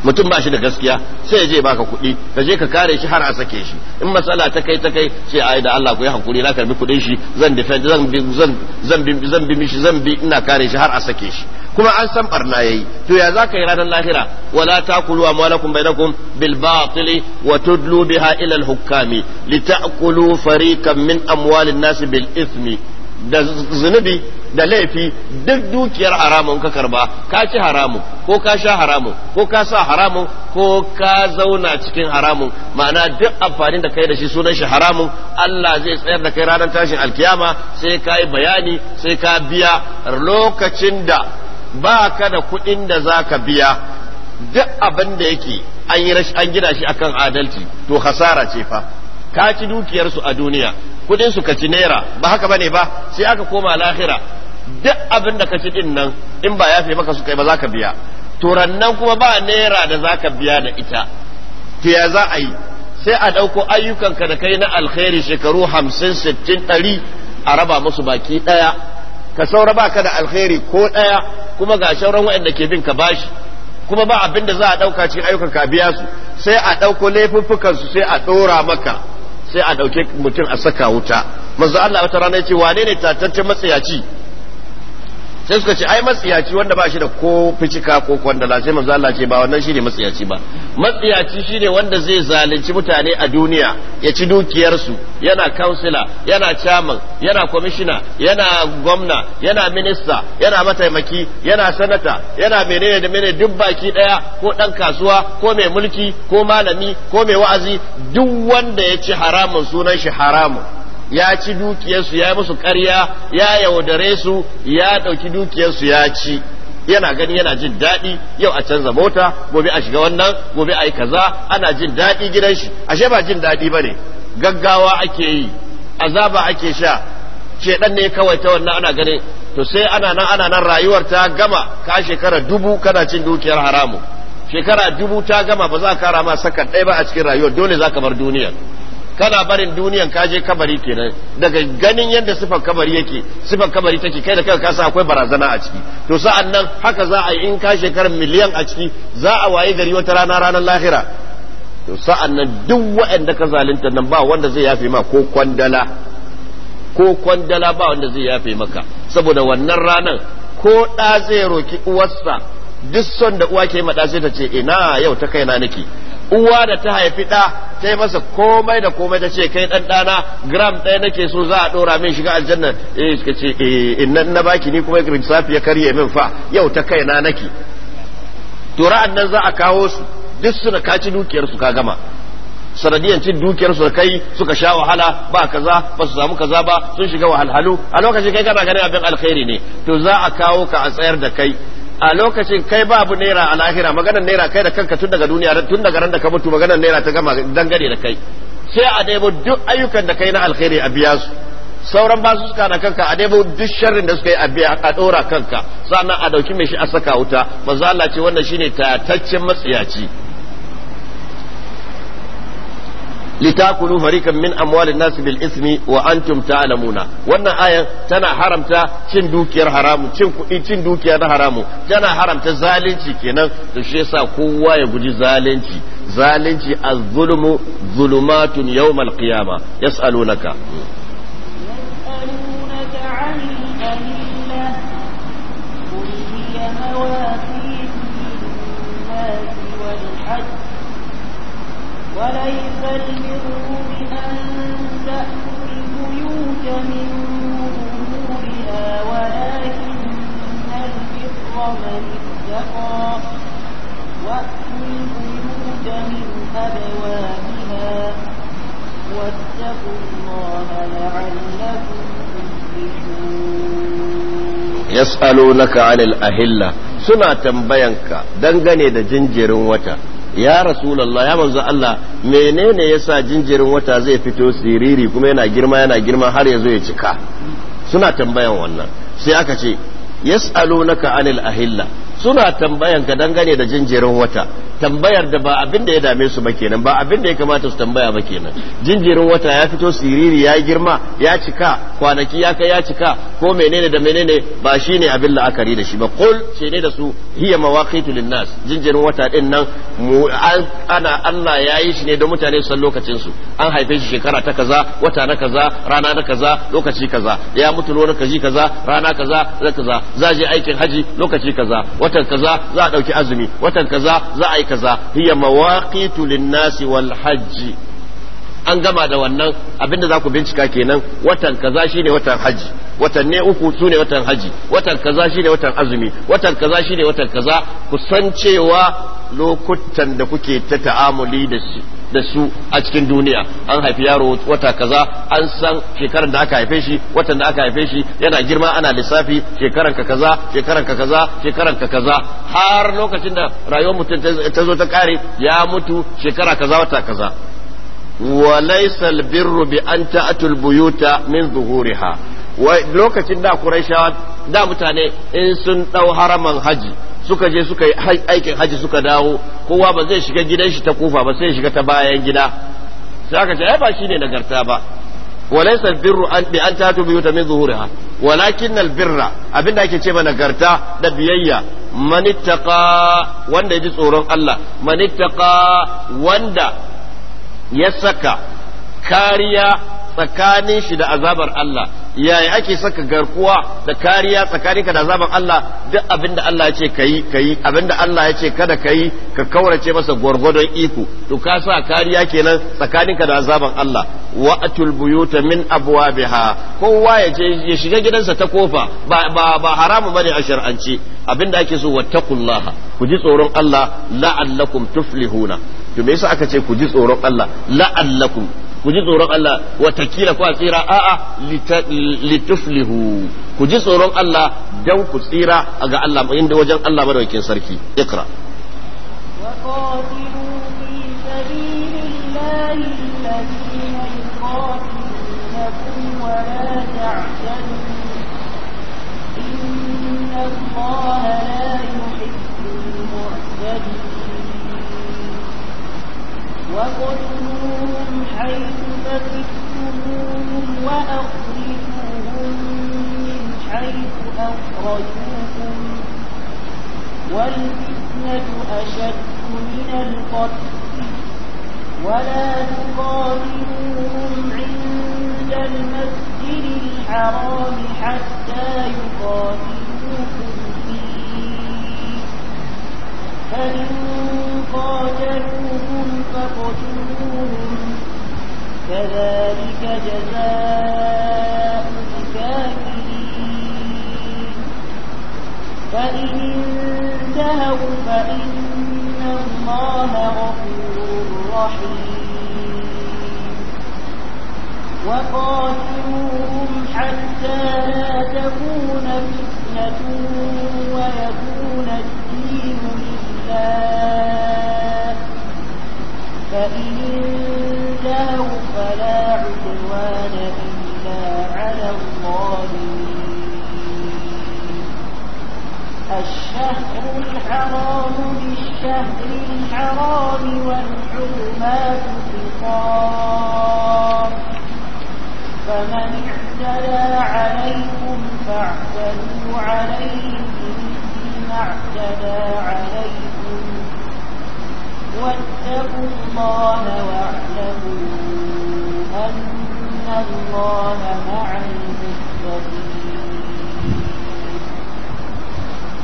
Speaker 2: mutum ba shi da gaskiya sai ya je baka kuɗi ka je ka kare shi har a sake shi in matsala ta kai ta kai sai ai da Allah ku yi hankuri na karbi kuɗin shi zan defend zan bi zan zan bi zan bi mishi zan bi ina kare shi har a sake shi kuma an san barna yayi to ya zaka yi ranar lahira wala taqulu amwalakum bainakum bil batil wa tudlu biha ila al hukami litakulu fariqan min amwalin nasi bil ithmi da zunubi da laifi duk dukiyar haramun ka karba ka ci haramun ko ka sha haramun ko ka sa haramun ko ka zauna cikin haramun ma'ana duk amfanin da kai da shi sunan shi haramun Allah zai tsayar da kai ranar tashin alkiyama sai ka yi bayani sai ka biya lokacin da ba ka da kuɗin da za ka biya duk abin da yake an gina shi akan adalci to hasara ce fa ka ci dukiyarsu a duniya kudin su ka ci naira ba haka bane ba sai aka koma lahira duk abin da ka ci din nan in ba yafe maka su kai ba zaka biya to rannan kuma ba naira da zaka biya da ita to ya za a yi sai a ɗauko ayyukanka da kai na alkhairi shekaru hamsin sittin ɗari a raba musu baki ɗaya ka saura ba ka da alkhairi ko ɗaya kuma ga shauran waɗanda ke bin ka bashi kuma ba abin da za a ɗauka cikin ayyukan ka biya su sai a ɗauko laifuffukan su sai a ɗora maka sai a ɗauke mutum a saka wuta manzo Allah wata rana ya wane ne tatancen matsayaci sai suka ce ai matsiyaci wanda ba shi da ko ficika ko kwandala sai manzo Allah ce ba wannan shine matsiyaci ba matsiyaci shine wanda zai zalunci mutane a duniya ya ci dukiyar su yana kansila yana chairman yana commissioner yana gwamna yana minista yana mataimaki yana sanata yana menene da menene duk baki daya ko dan kasuwa ko mai mulki ko malami ko mai wa'azi duk wanda ya ci haramun sunan shi haramun ya ci dukiyarsu ya musu ƙarya ya yaudare su ya ɗauki dukiyarsu ya ci yana gani yana jin daɗi yau a canza mota gobe a shiga wannan gobe a yi kaza ana jin daɗi gidan shi ashe ba jin daɗi ba ne gaggawa ake yi azaba ake sha ɗan ne kawai ta wannan ana gani to sai ana nan ana nan rayuwar ta gama ka shekara dubu kana cin dukiyar haramu shekara dubu ta gama ba za ka kara ma sakan ɗaya ba a cikin rayuwar dole za ka bar duniyar kana barin duniyan ka je kabari kenan daga ganin yadda sifar kabari yake sifar kabari take kai da kai ka san akwai barazana a ciki to sa'an nan haka za a yi in ka shekarar miliyan a ciki za a waye gari wata rana ranar lahira to sa'an nan duk waɗanda ka zalunta nan ba wanda zai yafe ma ko kwandala ko kwandala ba wanda zai yafe maka saboda wannan ranar ko ɗa zai roki uwarsa duk son da uwa ke maɗa sai ta ce ina eh, yau ta kaina nake uwa da ta haifi ɗa ta yi masa komai da komai ta ce kai ɗan ɗana gram ɗaya nake so za a ɗora min shiga aljanna eh ka ce eh, innan na baki ni kuma lissafi ya karye min fa yau ta kaina naki to ra'an nan za a kawo su duk suna kaci dukiyar su ka gama sanadiyan cin dukiyar su kai suka sha wahala ba kaza ba su samu kaza ba sun shiga wahalhalu a lokacin kai kana ganin abin alkhairi ne to za a kawo ka a tsayar da kai a lokacin kai babu naira a lahira maganar naira kai da kanka tun daga duniya tun daga ran da ka mutu maganar naira ta gama dangane da kai sai a nemo duk ayyukan da kai na alkhairi a biya su sauran basu suka na kanka a nemo duk sharrin da suka yi a biya a dora kanka sannan a dauki mai shi a saka wuta manzo Allah ce wannan shine tayataccen matsiyaci litakulu farikan min amwalin nas bil ismi wa antum ta'lamuna wannan ayan tana haramta cin dukiyar haramu cin kuɗi cin dukiya na haramu tana haramta zalunci kenan da shi yasa kowa ya guji zalunci zalunci az-zulmu zulumatun yawmal qiyama yas'alunaka
Speaker 1: قل وليس البر بأن تأتوا البيوت من ظهورها ولكن البر من اتقى وأتوا البيوت من أبوابها واتقوا الله لعلكم
Speaker 2: تفلحون يسألونك عن الأهلة suna tambayanka dangane da jinjirin wata ya rasulullah ya manzo Allah menene yasa jinjirin wata zai fito siriri kuma yana girma yana girma har ya zo ya cika suna tambayan wannan sai aka ce yas'alunaka anil ahilla suna tambayan ka dangane da jinjirin wata tambayar da ba abin da ya dame su ba kenan ba abin da ya kamata su tambaya ba kenan jinjirin wata ya fito siriri ya girma ya cika kwanaki ya kai ya cika ko menene da menene ba shine abin la'akari da shi ba qul ce ne da su hiya mawaqitu linnas jinjirin wata din nan ana Allah ya yi shi ne don mutane san lokacin su an haife shi shekara ta kaza wata na kaza rana na kaza lokaci kaza ya mutu lokaci kaza rana kaza kaza za je aikin haji lokaci kaza watan kaza za a dauki azumi watan kaza za a yi هكذا هي مواقيت للناس والحج an gama da wannan abinda za ku bincika kenan watan kaza shine watan haji watan ne uku su ne watan haji watan kaza shine watan azumi watan kaza shine watan kaza ku san cewa lokutan da kuke ta ta'amuli da da su a cikin duniya an haifi yaro wata kaza an san shekarar da aka haife shi watan da aka haife shi yana girma ana lissafi shekarar ka kaza shekarar ka kaza shekarar ka kaza har lokacin da rayuwar mutum ta zo ta kare ya mutu shekara kaza wata kaza وليس البر بأن تأتوا البيوت من ظهورها lokacin da Qurayshawa da mutane in sun dau haraman haji suka je suka yi aikin haji suka dawo kowa ba zai shiga gidan shi ta kufa ba sai shiga ta bayan gida sai aka ce ai ba shine nagarta ba walaysa birru an bi an tatu ta min zuhuriha walakin birra abinda ake ce nagarta da biyayya manittaqa wanda ji tsoron Allah manittaqa wanda ya saka kariya tsakanin shi da azabar Allah yaya ake saka garkuwa da kariya tsakanin ka da azabar Allah duk abinda da Allah ya ce kayi kayi abin da Allah ya ce kada kayi ka kaurace masa gwargwadon iko to ka sa kariya kenan tsakanin ka da azabar Allah atul buyuta min abwabiha kowa ya je ya shiga gidansa ta kofa ba ba, ba haramu bane a shar'ance abinda ake so wattaqullaha ku ji tsoron Allah la'allakum tuflihuna to me yasa aka ce ku ji tsoron Allah la'allakum ku ji tsoron Allah watakila ku tsira a'a lituflihu ku ji tsoron Allah dan ku tsira ga Allah inda wajen Allah madaukakin sarki ikra
Speaker 1: إن الله لا يحب المعتدين وقتلوهم حيث فتكتموهم وأخرجوهم من حيث أخرجوكم والفتنة أشد من القتل ولا تقاتلوهم عند المسجد الحرام حتى يقاتلوكم فيه فإن قاتلوهم فاقتلوهم كذلك جزاء الكافرين فإن انتهوا فإن الله غفور رحيم وقاتلوهم حتى لا تكون فتنة ويكون الدين لله فإن انتهوا فلا عدوان إلا على الظالمين الشهر الحرام بالشهر الحرام والحرمات قصاص فمن اعتدى عليكم فاعتدوا عليه بمثل ما اعتدى عليكم واتقوا الله واعلموا أن الله مع المتقين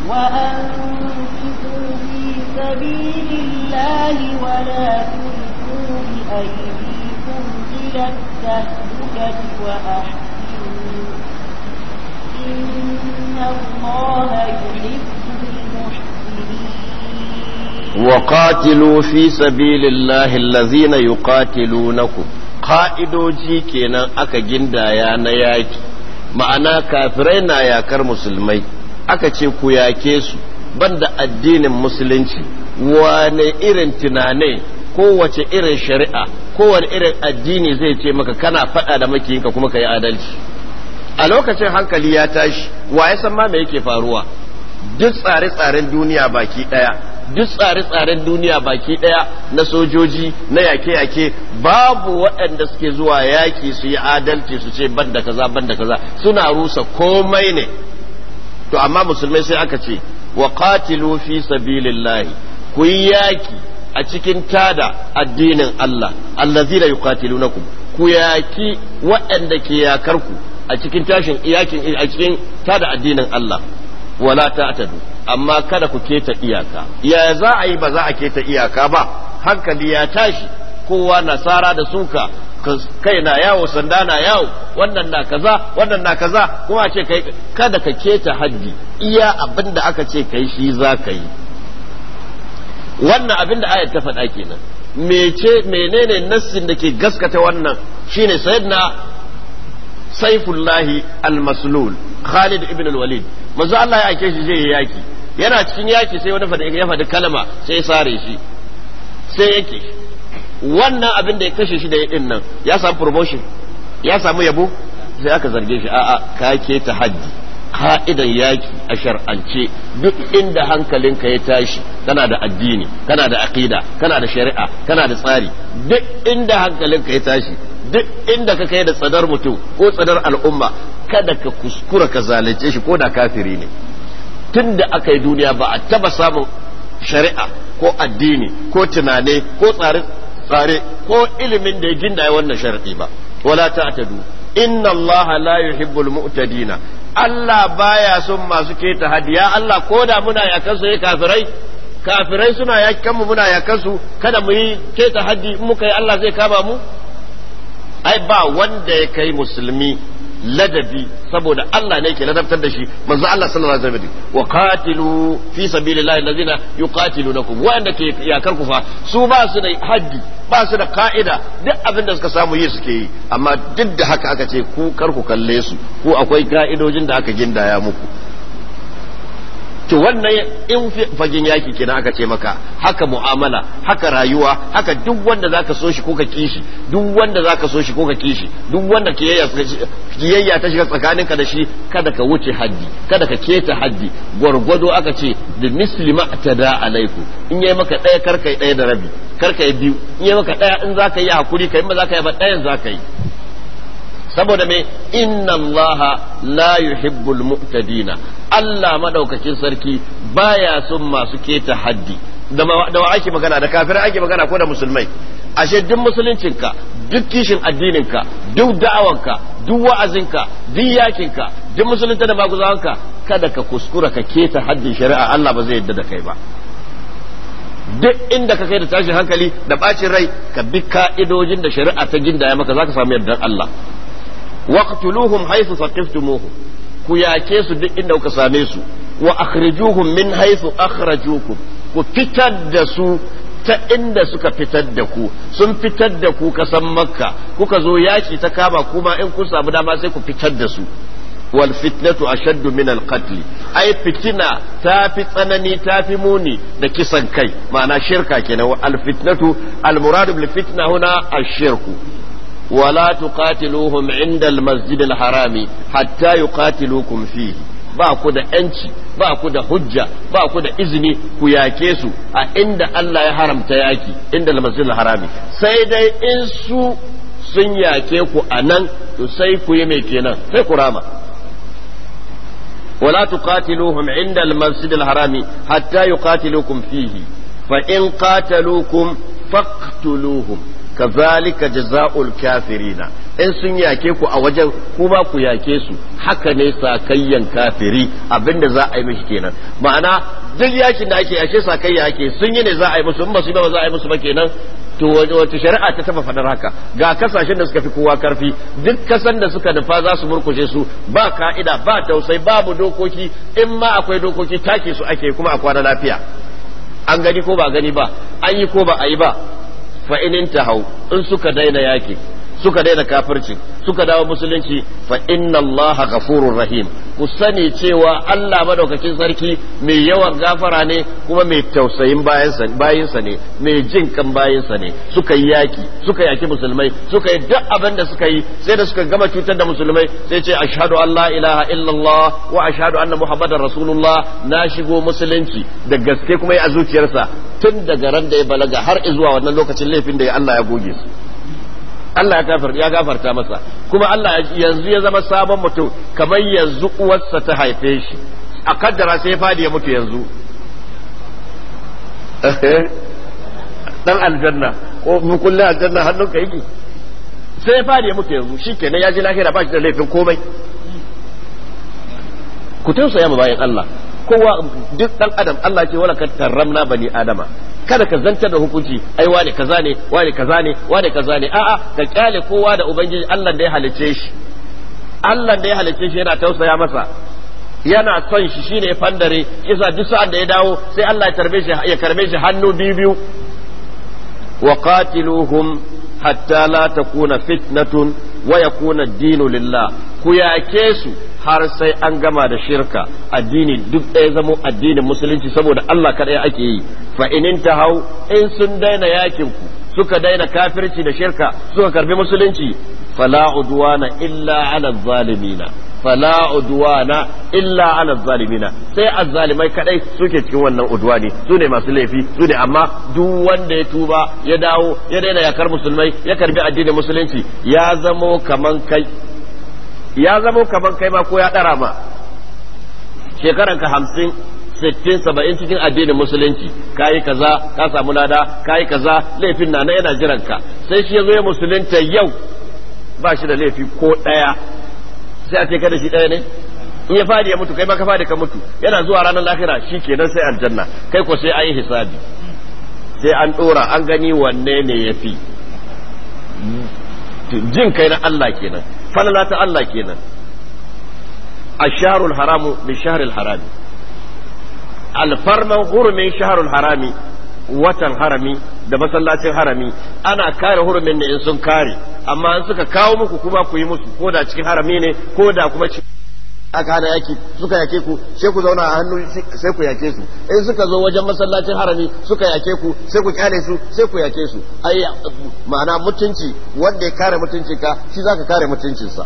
Speaker 1: وأنفقوا في سبيل الله ولا تلقوا بأيديكم إلى التهلكة وأحسنوا إن الله يحب
Speaker 2: وقاتلوا في سبيل الله الذين يقاتلونكم قائدوجي kenan aka gindaya na yaki ma'ana kafirai na yakar musulmai aka ce ku yake su banda addinin musulunci wane irin tunane kowace irin shari'a kowane irin addini zai ce maka kana fada da makiyinka kuma ka yi adalci a lokacin hankali ya tashi wa ya san ma me yake faruwa duk tsare-tsaren duniya baki daya duk tsare-tsaren duniya baki daya na sojoji na yake-yake babu waɗanda suke zuwa yaki su yi adalci su ce da kaza ban da kaza suna rusa komai ne to amma musulmai sai aka ce wa qatilu fi sabilillahi ku yi yaki a cikin tada addinin Allah la yuqatilunakum ku yaki waɗanda ke yakarku a cikin tashin iyakin a cikin tada addinin Allah wala ta atadu amma kada ku keta iyaka ya za a yi ba za a keta iyaka ba hankali ya tashi kowa nasara da suka kai na yawo sanda na yawo wannan na kaza wannan na kaza kuma ce kai kada ka keta haddi iya abin da aka ce kai shi za ka yi wannan abin da ayat ta faɗa kenan mece menene nassin da ke gaskata wannan shine sayyidina saifullahi al-maslul khalid ibn al-walid manzo Allah ya aike shi zai yi yaki yana cikin yaki sai wani fada ya fada kalma sai ya sare shi sai yake wannan abin da ya kashe shi da yadin nan ya samu promotion ya samu yabo sai aka zarge shi a'a ka ke ta haddi ka'idan yaki a shar'ance duk inda hankalinka ya tashi kana da addini kana da aqida kana da shari'a kana da tsari duk inda hankalinka ya tashi duk inda ka kai da tsadar mutum ko tsadar al'umma kada ka kuskura ka zalunce shi ko da kafiri ne tun da aka yi duniya ba a taba samun shari'a ko addini ko tunane ko tsare ko ilimin da ya jindaye wannan sharadi ba wala ta ta'tadu inna allaha la yuhibbul mu'tadina Allah baya son masu keta hadiya Allah ko da muna yakan su kafirai kafirai suna yakan mu muna yakan su kada mu yi keta haddi in muka yi Allah zai kama mu ai ba wanda ya kai musulmi ladabi saboda Allah ne ke ladabtar da shi manzo Allah sallallahu alaihi wasallam wa qatilu fi sabilillahi allazina yuqatilunakum wanda ke yakar ku fa su ba su da haddi ba su da ka'ida duk abin da suka samu yi suke yi amma duk da haka aka ce ku kar ku kalle su ko akwai ka'idojin da aka gindaya muku to wannan in fagen yaki kenan aka ce maka haka mu'amala haka rayuwa haka duk wanda zaka so shi ko ka kishi duk wanda zaka so shi ko ka kishi duk wanda kiyayya ta shiga tsakanin ka da shi kada ka wuce haddi kada ka keta haddi gwargwado aka ce da muslima da alaiku in yayi maka daya karkai daya da rabi karkai biyu in yayi maka daya in zaka yi hakuri kai in ba zaka yi ba dayan zaka yi saboda me inna allaha la yuhibbul mu'tadina Allah madaukakin sarki baya son masu keta haddi da wa ake magana da kafirai ake magana ko da musulmai ashe duk musuluncinka duk kishin addininka duk da'awanka duk wa'azinka duk yakinka duk musulunta da maguzawanka kada ka kuskura ka keta haddin shari'a Allah ba zai yadda da kai ba duk inda ka kai da tashin hankali da bacin rai ka bi ka'idojin da shari'a ta ya maka zaka samu yardar Allah waqtuluhum haythu saqiftumuhum ku yake duk inda kuka same su wa akhrijuhum min haythu akhrajukum ku fitar da su ta inda suka fitar da ku sun fitar da ku kasan makka kuka zo yaki ta kama kuma in kun samu dama sai ku fitar da su wal fitnatu ashaddu min al qatl ai fitina ta fi tsanani ta fi muni da kisan kai ma'ana shirka kenan al fitnatu al muradu bil fitna huna ash shirku wala tuqatiluhum inda al-masjid al-harami hatta yuqatilukum fihi ba ku da yanci ba ku da hujja ba ku da izini ku yake su a inda Allah ya haramta yaki inda al-masjid harami sai dai in su sun yake ku a nan to sai ku yi mai kenan sai ku rama ولا تقاتلوهم عند المسجد الحرام حتى يقاتلوكم فيه فإن قاتلوكم فاقتلوهم Kazali kazalika jaza'ul kafirina in sun yake ku a wajen kuma ku yake su haka ne sakayyan kafiri abinda za a yi mishi kenan ma'ana duk yakin da ake ashe sakayya ake sun yi ne za a yi musu in ba su ba za a yi musu ba kenan to shari'a ta taba fadar haka ga kasashen da suka fi kowa karfi duk kasan da suka nufa za su murkushe su ba ka'ida ba tausayi babu dokoki in ma akwai dokoki take su ake kuma a lafiya an gani ko ba gani ba an yi ko ba a yi ba fa ta hau in suka daina yaki suka daina kafirci suka dawo musulunci fa inna allaha ghafurur rahim ku sani cewa Allah madaukakin sarki mai yawan gafara ne kuma mai tausayin bayinsa ne mai jin kan bayinsa ne suka yi yaki suka yaki musulmai suka yi duk abin da suka yi sai da suka gama cutar da musulmai sai ce ashhadu an la ilaha illallah wa ashhadu anna muhammadar rasulullah na shigo musulunci da gaske kuma ya a zuciyarsa tun daga ran da ya balaga har zuwa wannan lokacin laifin da ya Allah ya goge su Allah ya gafarta masa kuma Allah yanzu ya zama sabon mutum kamar yanzu uwarsa ta haife shi a kaddara sai ya fadi ya mutu yanzu eh, dan aljanna ko mu kullu aljanna ka yake sai ya fadi ya mutu yanzu shikenan ya ji lahira ba shi da laifin komai ku tausaya mu bayan Allah kowa duk dan adam Allah ce wala kad tarramna bani adama kada ka zantar da hukunci ai wane kaza ne wane kaza ne wane kaza ne a'a ka kyale kowa da ubangiji Allah da ya halice shi Allah da ya halice shi yana tausaya masa yana son shi shine fandare kisa duk sa'an da ya dawo sai Allah ya tarbe shi ya karbe shi hannu biyu biyu wa qatiluhum hatta la takuna fitnatun waya yakuna dinu lillah ku yake su har sai an gama da shirka addini duk ɗaya zamo addinin musulunci saboda Allah kaɗai ake yi fa in hau in sun daina yakin ku suka daina kafirci da shirka suka karbi musulunci fala udwana illa ala zalimina fala udwana illa ala zalimina sai azzalimai kadai suke cikin wannan udwani su ne masu laifi su ne amma duk wanda ya tuba ya dawo ya daina yakar musulmai ya karbi addinin musulunci ya zamo kaman kai ya zamo kaman kai ma ko ya dara ma ka hamsin sittin saba'in cikin addinin musulunci kayi kaza ka samu lada kayi kaza laifin na yana jiranka sai shi ya zo ya musulunta yau ba shi da laifi ko ɗaya sai a ce kada shi ɗaya ne in ya fadi ya mutu kai ma ka fadi ka mutu yana zuwa ranar lahira shi kenan sai aljanna kai ko sai ayi hisabi sai an ɗora an gani wanne ne ya fi jin kai na Allah kenan falala ta Allah kenan asharul haramu bi shahril harami alfarman hurumin shahrul harami watan harami da masallacin harami ana kare hurumin ne in sun kare amma an suka kawo muku kuma ku yi musu ko da cikin harami ne ko da kuma cikin aka hana yaki suka yake ku sai ku zauna a hannu sai ku yake su in suka zo wajen masallacin harami suka yake ku sai ku kyale su sai ku yake su ai ma'ana mutunci wanda ya kare mutunci ka shi zaka kare mutuncin sa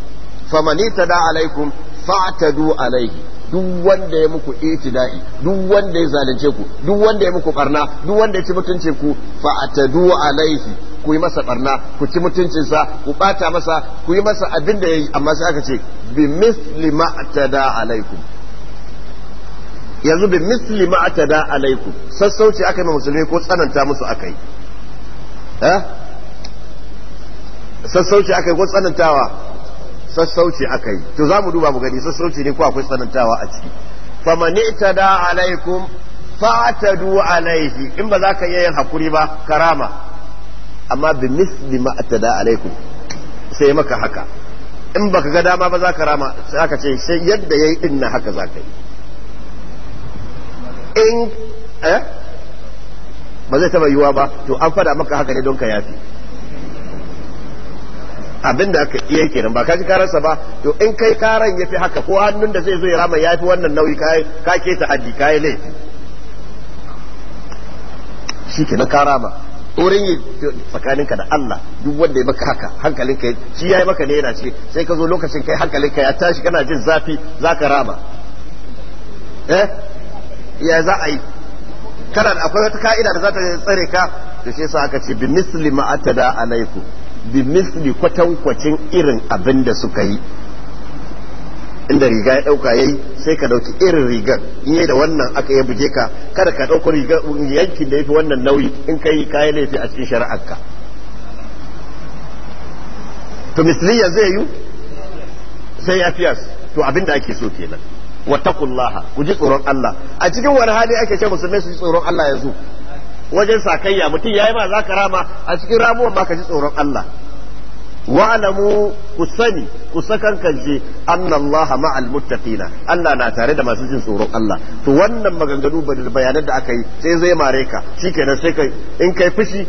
Speaker 2: famani tada alaikum fa'tadu alaihi duk wanda ya muku itida'i duk wanda ya zalunce ku duk wanda ya muku barna duk wanda ya ci mutuncin ku fa'tadu alaihi ku yi masa barna ku ci mutuncinsa ku bata masa ku yi masa abin da ya yi amma sai aka ce bi misli ma atada alaikum yanzu bi misli ma atada alaikum sassauci aka yi ma musulmi ko tsananta musu aka yi eh sassauci aka yi ko tsanantawa sassauci aka yi to za mu duba mu gani sassauci ne ko akwai tsanantawa a ciki faman itada alaikum fatadu alaihi in ba za ka iya yin hakuri ba karama amma bi misli ma atada alaikum sai maka haka in baka ga dama ba za ka rama sai aka ce sai yadda yayi din na haka za ka yi in eh ba zai taba yiwa ba to an fada maka haka ne don ka yafi abin da aka iya kenan ba ka ji karansa ba to in kai karan yafi haka ko hannun da zai zo ya rama yafi wannan nauyi ka ke ta haddi ne yi shi kenan ka rama orin yi tsakaninka da Allah duk wanda ya maka haka hankalinka shi ya yi maka ne yana ce sai ka zo lokacin kai hankalinka ya tashi kana jin zafi za ka rama eh ya za a yi kana akwai wata ka'ida da za ta tsare ka da shi sa aka ce bi misli atada alaiku bi misli kwatankwacin irin abin da suka yi inda riga ya dauka yayi sai ka dauki irin rigar in yayi da wannan aka yi buje ka kada ka dauko rigar yankin da yafi wannan nauyi in kai kayan laifi a cikin shari'ar ka to misliya zai yi sai ya fiya to abinda ake so kenan wattaqullaha ku ji tsoron Allah a cikin wani hali ake ce musulmai su ji tsoron Allah yanzu wajen sakayya mutum yayi ma zaka rama a cikin ramuwan ma ka ji tsoron Allah wa'alamu ku sani ku sakan sakankance annallaha ma'al muttaqina Allah na tare da masu jin tsoron Allah to wannan maganganu bayanan da aka yi sai zai mare ka shikenan sai kai in kai fushi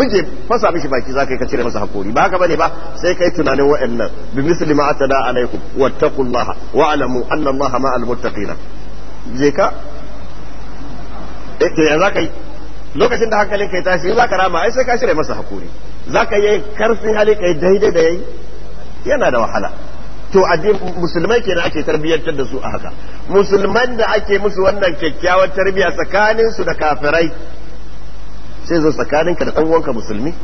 Speaker 2: buje fasa mishi baki za ka cire masa hakuri ba haka bane ba sai kai tunanin wa'annan bi misli ma atada alaikum wattaqullaha wa'lamu annallaha ma'al muttaqina je ka eh ya za ka yi lokacin da hankalinka kai tashi za ka rama ai sai ka cire masa hakuri za ka yi karfin hali ka yi daidai da yayi yana da wahala to addin musulmai kenan ake tarbiyyantar da su a haka musulman da ake musu wannan kyakkyawar tarbiyya tsakanin su da kafirai sai zo tsakaninka da ɗan uwanka musulmi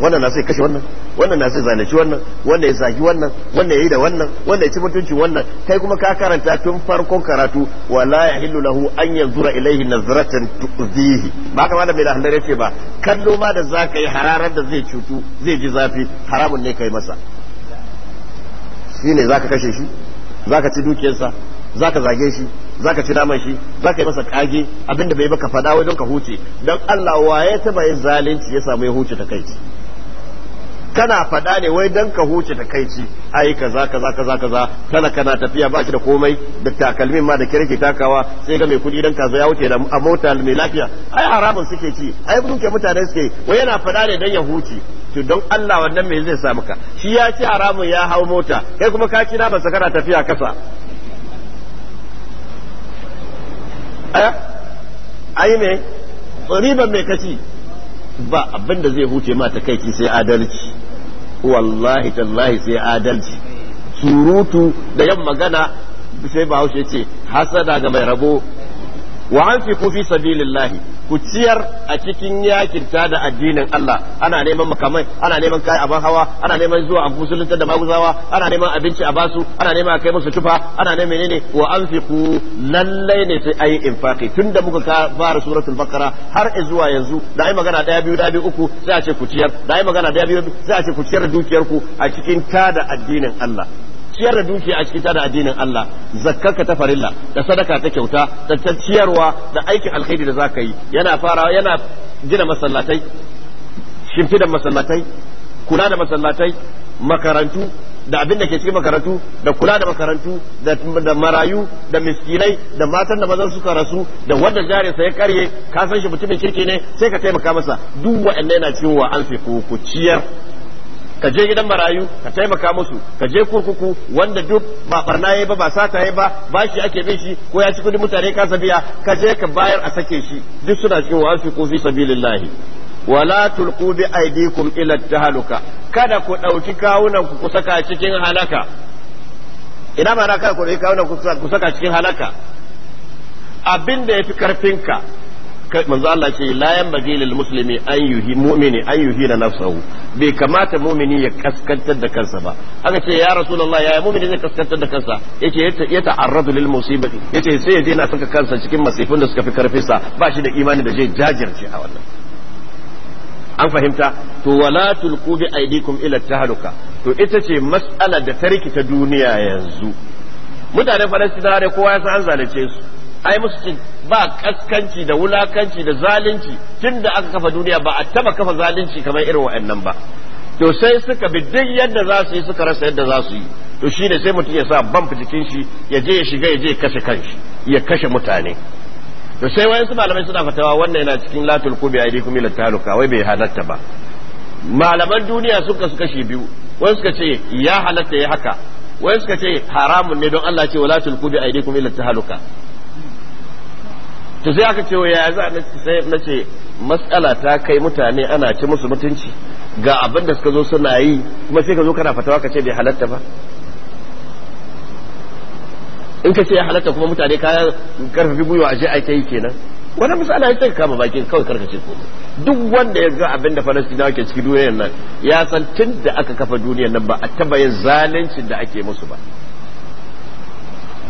Speaker 2: wannan na sai kashe wannan wannan na sai zanaci wannan wanda ya zagi wannan wanda ya yi da wannan wanda ya ci mutunci wannan kai kuma ka karanta tun farkon karatu wala yahillu lahu an yanzura ilaihi nazratan tu'zihi ba ka malami da handar yace ba kallo ma da zaka yi hararar da zai cutu zai ji zafi haramun ne kai masa shine zaka kashe shi zaka ci dukiyarsa zaka zage shi zaka ci naman shi zaka yi masa kage abinda bai baka fada wajen ka huce dan Allah waye ta bai zalunci ya samu ya huce ta kai kana faɗa ne wai dan ka huce ta kai ci ai kaza kaza kaza kaza kana kana tafiya ba da komai da takalmin ma da kirki takawa sai ga mai kuɗi dan kaza ya wuce da a mota mai lafiya ai haramun suke ci ai duke mutane suke wai yana faɗa ne dan ya huce to don Allah wannan me zai sa maka shi ya ci haramun ya hau mota kai kuma ka ci na ba kana tafiya kasa eh? ai me riban mai kaci ba abinda zai huce ma takaici sai adalci wallahi tallahi sai adalci surutu da yan magana sai bahaushe ce hasada ga mai rabo wa an fi kufi sabilillahi ku ciyar a cikin ta da addinin Allah ana neman makamai ana neman kai aban hawa ana neman zuwa a musulunta da maguzawa ana neman abinci a basu ana neman a kai musu tufa ana neman menene wa anfiqu lallai ne sai ayi infaqi tunda muka fara suratul baqara har zuwa yanzu da ai magana daya biyu da biyu uku sai a ce ku ciyar da ai magana daya biyu sai a ce ku ciyar dukiyar a cikin ta da addinin Allah ciyar da dukiya a cikin ta da addinin Allah zakkarka ta farilla da sadaka ta kyauta da ta ciyarwa da aikin alkhairi da zaka yi yana farawa yana gina masallatai shimfidan masallatai kula da masallatai makarantu da abin da ke cikin makarantu da kula da makarantu da marayu da miskinai da matan da mazan suka rasu da wanda jari sai karye ka san shi mutumin kirki ne sai ka taimaka masa duk wa'annan yana cewa an fi ku ciyar ka je gidan marayu ka taimaka musu ka je kurkuku wanda duk ba barna yayi ba ba sata yayi ba bashi ake bin shi ko ya ci kudi mutane ka biya ka je ka bayar a sake shi duk suna cikin wasu ko fi sabilillahi wala tulqu bi aydikum ila tahaluka kada ku dauki kawunan ku ku saka cikin halaka ina ma kada ku dauki kawunan ku saka cikin halaka abin da yafi karfinka manzo Allah ce la yanbaghi lil muslimi an yuhi mu'mini an yuhi na nafsahu bai kamata mu'mini ya kaskantar da kansa ba aka ce ya rasulullahi ya mu'mini zai kaskantar da kansa yace ya ta'arradu lil musibati yace sai ya je na saka kansa cikin masifin da suka fi karfin sa ba shi da imani da zai jajirce a wannan an fahimta to wala tulqu bi aydikum ila tahluka to ita ce mas'alar da ta duniya yanzu mutanen falastinare kowa ya san an zalace su ai musu ba kaskanci da wulakanci da zalunci tun da aka kafa duniya ba a taba kafa zalunci kamar irin wa'annan ba to sai suka bi duk yadda za su yi suka rasa yadda za su yi to shi ne sai mutum ya sa bamfa jikin shi ya je ya shiga ya je ya kashe kanshi ya kashe mutane to sai wayansu malamai suna fatawa wannan yana cikin latul kubi aidikum ila taluka wai bai halatta ba malaman duniya suka suka shi biyu wai suka ce ya halatta ya haka wai suka ce haramun ne don Allah ce wala tulku bi aidikum ila tahaluka to sai aka ce ya za na ce matsala ta kai mutane ana ci musu mutunci ga abin da suka zo suna yi kuma sai ka zo kana fatawa ka ce bai halatta ba in ka ce ya halatta kuma mutane ka karfafi gwiwa a je a yi kenan wani misali sai ka kama bakin kawai karkace ko duk wanda ya ga abin da falastina ke ciki duniyar nan ya san tun da aka kafa duniyar nan ba a taba yin zaluncin da ake musu ba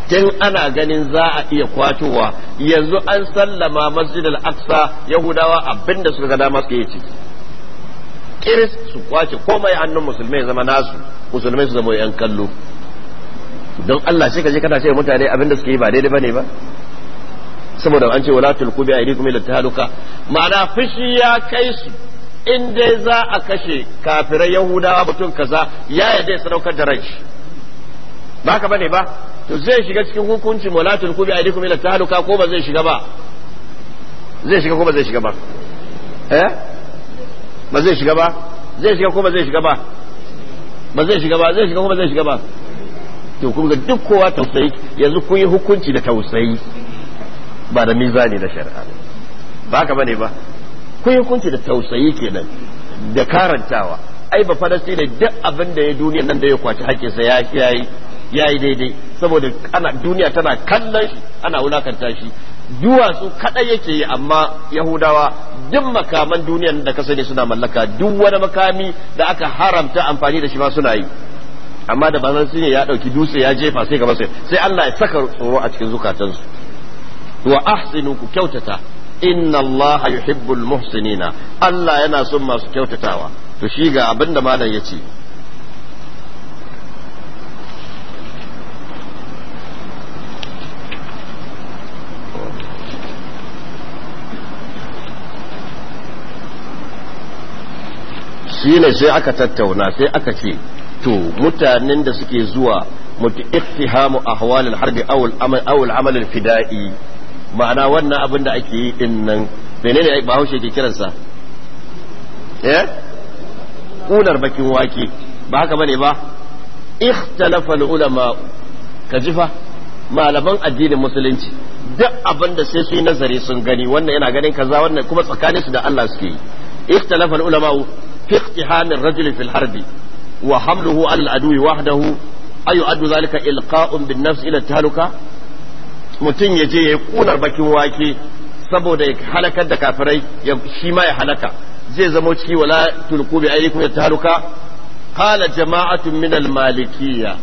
Speaker 2: tun ana ganin za a iya kwatowa yanzu an sallama masjid al-aqsa yahudawa abinda suka ga dama suke ciki kiris su kwace komai hannun musulmai zama nasu musulmai su zama yan kallo don Allah shi ka je kana ce mutane abinda suke yi ba daidai bane ba saboda an ce wala tulku bi aidikum ila tahaluka ma'ana fushi ya kai su in dai za a kashe kafirai yahudawa mutum kaza ya yadda ya sadaukar da rai ba ka bane ba to zai shiga cikin hukuncin mulatul kubi aidikum ila taluka ko ba zai shiga ba zai shiga ko ba zai shiga ba eh ba zai shiga ba zai shiga ko ba zai shiga ba ba zai shiga ba zai shiga ko ba zai shiga ba to kun ga duk kowa tausayi yanzu kun yi hukunci da tausayi ba da mizani na shari'a ba ka bane ba kun yi hukunci da tausayi kenan da karantawa ai ba falastini duk abin da ya duniya nan da ya kwaci hakkinsa ya yi. Ya yi daidai saboda ana duniya tana kallon shi ana wulakanta shi duwatsu kaɗai yake yi amma yahudawa duk makaman duniyan da ka sani suna mallaka duk wani makami da aka haramta amfani da shi ma suna yi amma da bazan sun ya ɗauki dutse ya jefa sai gaba sai sai Allah ya saka tsoro a cikin zukatansu wa ahsinu ku kyautata inna Allah yuhibbul muhsinina Allah yana son masu kyautatawa to shi ga abinda malam yace shi ne sai aka tattauna sai aka ce to mutanen da suke zuwa mutu ittihamu ahwalil harbi awul amal awul amal fida'i ma'ana wannan abin da ake yi din nan menene bahaushe ke kiransa eh kunar bakin wake ba haka bane ba ikhtalafa ulama kajifa malaman addinin musulunci duk abin da sai su yi nazari sun gani wannan yana ganin kaza wannan kuma tsakaninsu da Allah suke yi ikhtalafa ulama fi ihtihamin rajuli fil harbi wa hamluhu al adwi wahdahu ayu addu zalika ilqa'un bin nafs ila mutum ya je ya yi kunar bakin wake saboda ya halakar da kafirai ya shi ma ya halaka zai zamo ciki wala tulku bi ayyikum ya taluka qala jama'atun min al malikiyya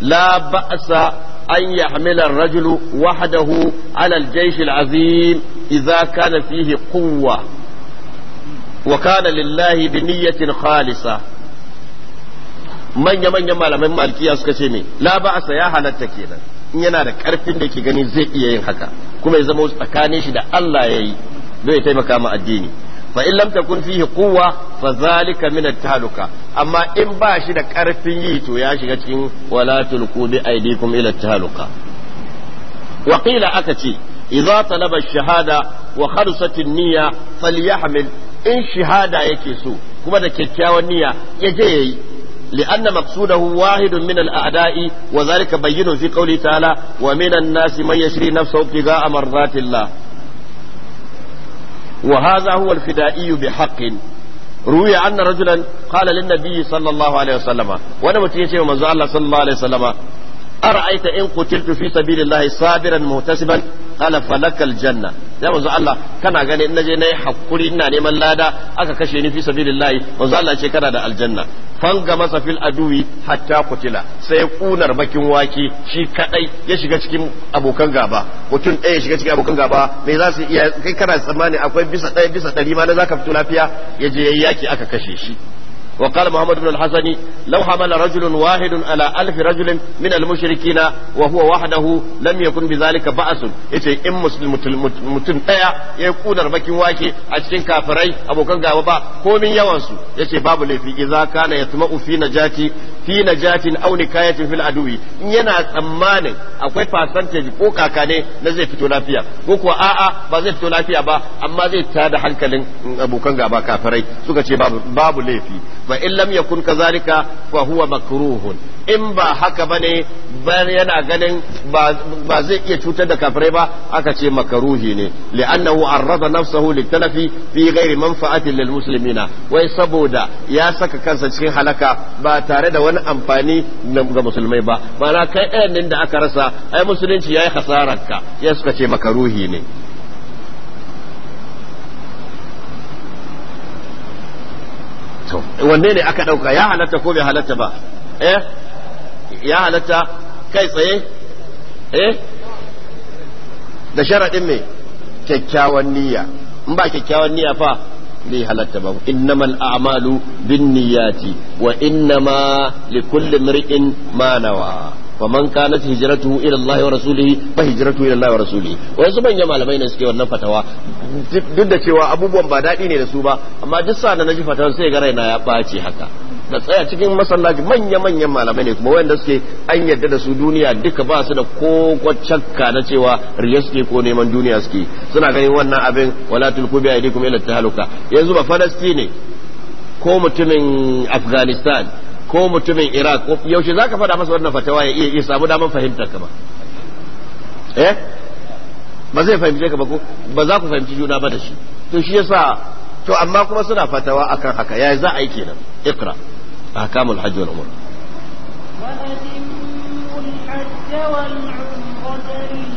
Speaker 2: la ba'sa an yahmila ar-rajulu wahdahu alal al-jaysh izaka azim idza kana fihi wa kana lillahi bi khalisa manya manyan malaman malkiya suka ce me la ba'asa ya halatta kenan in yana da karfin da ke gani zai iya yin haka kuma ya zama tsakanin shi da Allah yayi don ya taimaka ma addini Ba in lam takun fihi quwwa fa zalika min taluka amma in ba shi da karfin yi to ya shiga cikin wala tulqu bi aydikum ila taluka wa aka ce idza talaba ash-shahada wa kharsat an-niyya falyahmil in shahada yake so kuma da kyakkyawan niyya ya je yayi لأن مقصوده واحد من الأعداء وذلك بين في قوله تعالى ومن الناس من يشري نفسه ابتغاء مرضات الله وهذا هو الفدائي بحق روي أن رجلا قال للنبي صلى الله عليه وسلم وانا متيشي ومزال الله صلى الله عليه وسلم أرأيت إن قتلت في سبيل الله صابرا مهتسبا qala falakal janna ya manzo Allah kana gani in naje nayi hakuri ina neman lada aka kashe ni fi sabilillahi manzo Allah ce kana da aljanna fanga masa fil adwi hatta kutila sai kunar bakin wake shi kadai ya shiga cikin abokan gaba mutum ɗaya ya shiga cikin abokan gaba me za su iya kai kana tsammani akwai bisa ɗaya bisa ɗari ma na zaka fito lafiya ya je yayi yaki aka kashe shi وقال محمد بن الحسن لو حمل رجل واحد على ألف رجل من المشركين وهو وحده لم يكن بذلك بأس yace in mutum ɗaya ya kudar bakin wake a cikin kafirai abokan gaba ba komin yawansu yace babu laifi idza kana yatma'u fi najati in yana tsammanin akwai percentage ko kakane na zai fito lafiya ko a'a ba zai fito lafiya ba amma zai tada hankalin abokan gaba kafirai suka ce babu laifi fa in lam yakun kazalika fa huwa makruhun in ba haka bane bar yana ganin ba zai iya cutar da kafirai ba aka ce makaruhi ne li'annahu arrada nafsahu litalafi fi ghairi manfa'atin lil muslimina wai saboda ya saka kansa cikin halaka ba tare da wani amfani ga musulmai ba mana kai ɗayan da aka rasa ai musulunci yayi hasaranka ya suka ce makaruhi ne to wanne ne aka dauka ya halatta ko bai halatta ba eh ya halatta kai tsaye eh da sharadin me kyakkyawan niyya in ba kyakkyawan niyya fa bai halatta ba innamal a'malu binniyati wa innama likulli mar'in ma nawa fa man kanat hijratuhu ila Allah wa rasulihi fa hijratuhu ila Allah wa rasulihi su manyan malamai ne suke wannan fatawa duk da cewa abubuwan ba daɗi ne da su ba amma duk sa da naji fatawa sai ga raina ya ɓaci haka da tsaya cikin masallaci manya manyan malamai ne kuma wanda suke an yarda da su duniya duka ba su da ko shakka na cewa riya suke ko neman duniya suke suna ganin wannan abin wala tulku bi aidikum ila tahaluka yanzu ba falastini ko mutumin afghanistan ko mutumin iraq ko yaushe za ka faɗa masa wannan fatawa ya iya samu damar fahimtar ka ba eh ba zai fahimce ka ba ko ba za ku fahimci juna ba da shi to shi yasa to amma kuma suna fatawa akan haka yayi za a yi kenan iqra ahkamul hajj wal umrah
Speaker 1: wa atimul hajj wal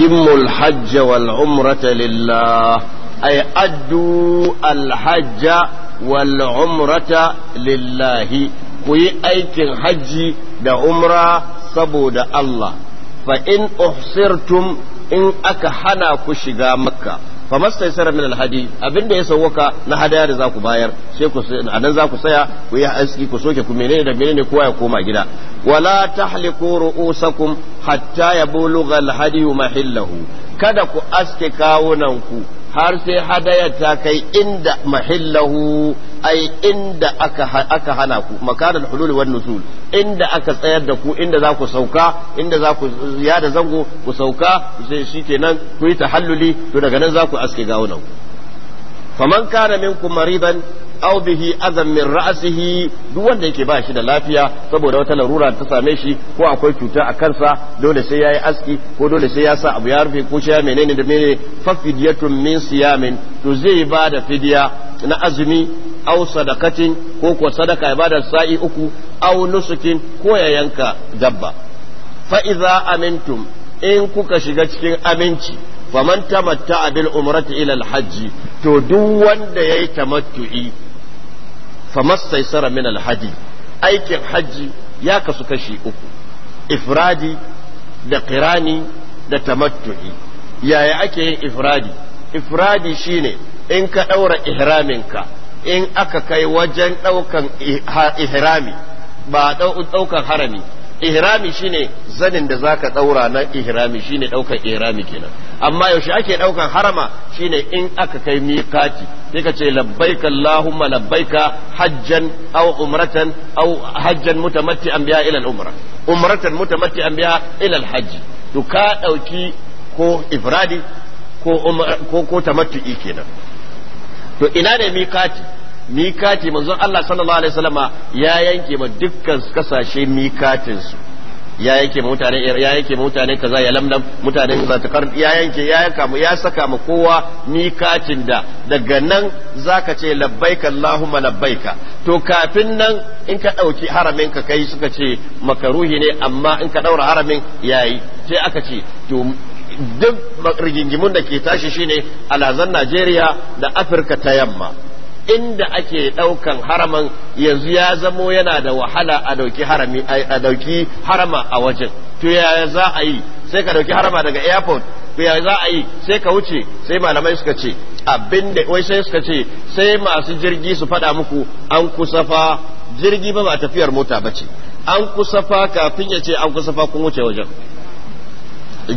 Speaker 2: وأتموا الحج والعمرة لله أي أدوا الحج والعمرة لله كي أيكن حج دا عمرة صبو دا الله فإن أحصرتم إن أكحنا كشغا مكة fa mastaisara min alhadi abinda ya sauka na hadaya da zaku bayar sai ku anan zaku saya ku yi aski ku soke ku menene da menene kowa ya koma gida wala tahliku ru'usakum hatta yabulugha alhadi mahillahu kada ku aske kawunan ku har sai hadaya ta kai inda mahillahu ai inda aka aka hana ku makaral hulul wan nuzul inda aka tsayar da ku inda za ku sauka inda za ku ya da zango ku sauka sai shikenan ku yi tahalluli to daga nan za ku aske gawunan faman kana minkum maridan aw bihi azan min ra'sihi duk wanda yake ba shi da lafiya saboda wata larura ta same shi ko akwai cuta a kansa dole sai yayi aski ko dole sai ya sa abu ya rufe ko ya menene da menene fa fidyatun min siyamin to zai ba da fidiya na azumi aw sadakatin ko ko sadaka ya bada sa'i uku aw nusukin ko ya yanka dabba fa idza amintum in kuka shiga cikin aminci faman tamatta bil umrati ila alhajji to duk wanda yayi tamattu'i famastaisara min alhaji aikin hajji ya kasu kashi uku ifradi da kirani da tamattu'i yaya ake yin ifradi ifradi shine in ka ɗaura ihraminka in aka kai wajen ɗaukan ihrami ba ɗaukan harami ihrami shine zanin da zaka ɗaura na ihrami shine ɗaukan ihrami kenan amma yaushe ake daukan harama shine in aka kai miqati sai ka ce labbaika allahumma labbaika hajjan aw umratan aw hajjan mutamatti'an biha ila al-umra umratan mutamatti'an biha ila al-hajj to ka dauki ko ifradi ko ko ko tamattu'i kenan to ina ne miqati mikati manzon Allah sallallahu alaihi wasallama ya yanke ma dukkan kasashe mikatin su ya yake mutane ya yake mutane kaza ya lamlam mutane za ta kar ya yanke ya yanka mu ya saka mu kowa ni katin da daga nan zaka ce labbaika allahumma labbaika to kafin nan in ka dauki haramin ka kai suka ce makaruhi ne amma in ka daura haramin yayi sai aka ce to duk rigingimun da ke tashi shine alazan Najeriya da Afirka ta yamma inda ake ɗaukan haraman yanzu ya zamo yana da wahala a ɗauki harami a ɗauki harama a wajen to ya za a yi sai ka ɗauki harama daga airport to ya za a yi sai ka wuce sai malamai suka ce abin da wai sai suka ce sai masu jirgi su faɗa muku an kusa fa jirgi ba ba tafiyar mota ba ce an kusa fa kafin ya ce an kusa fa kun wuce wajen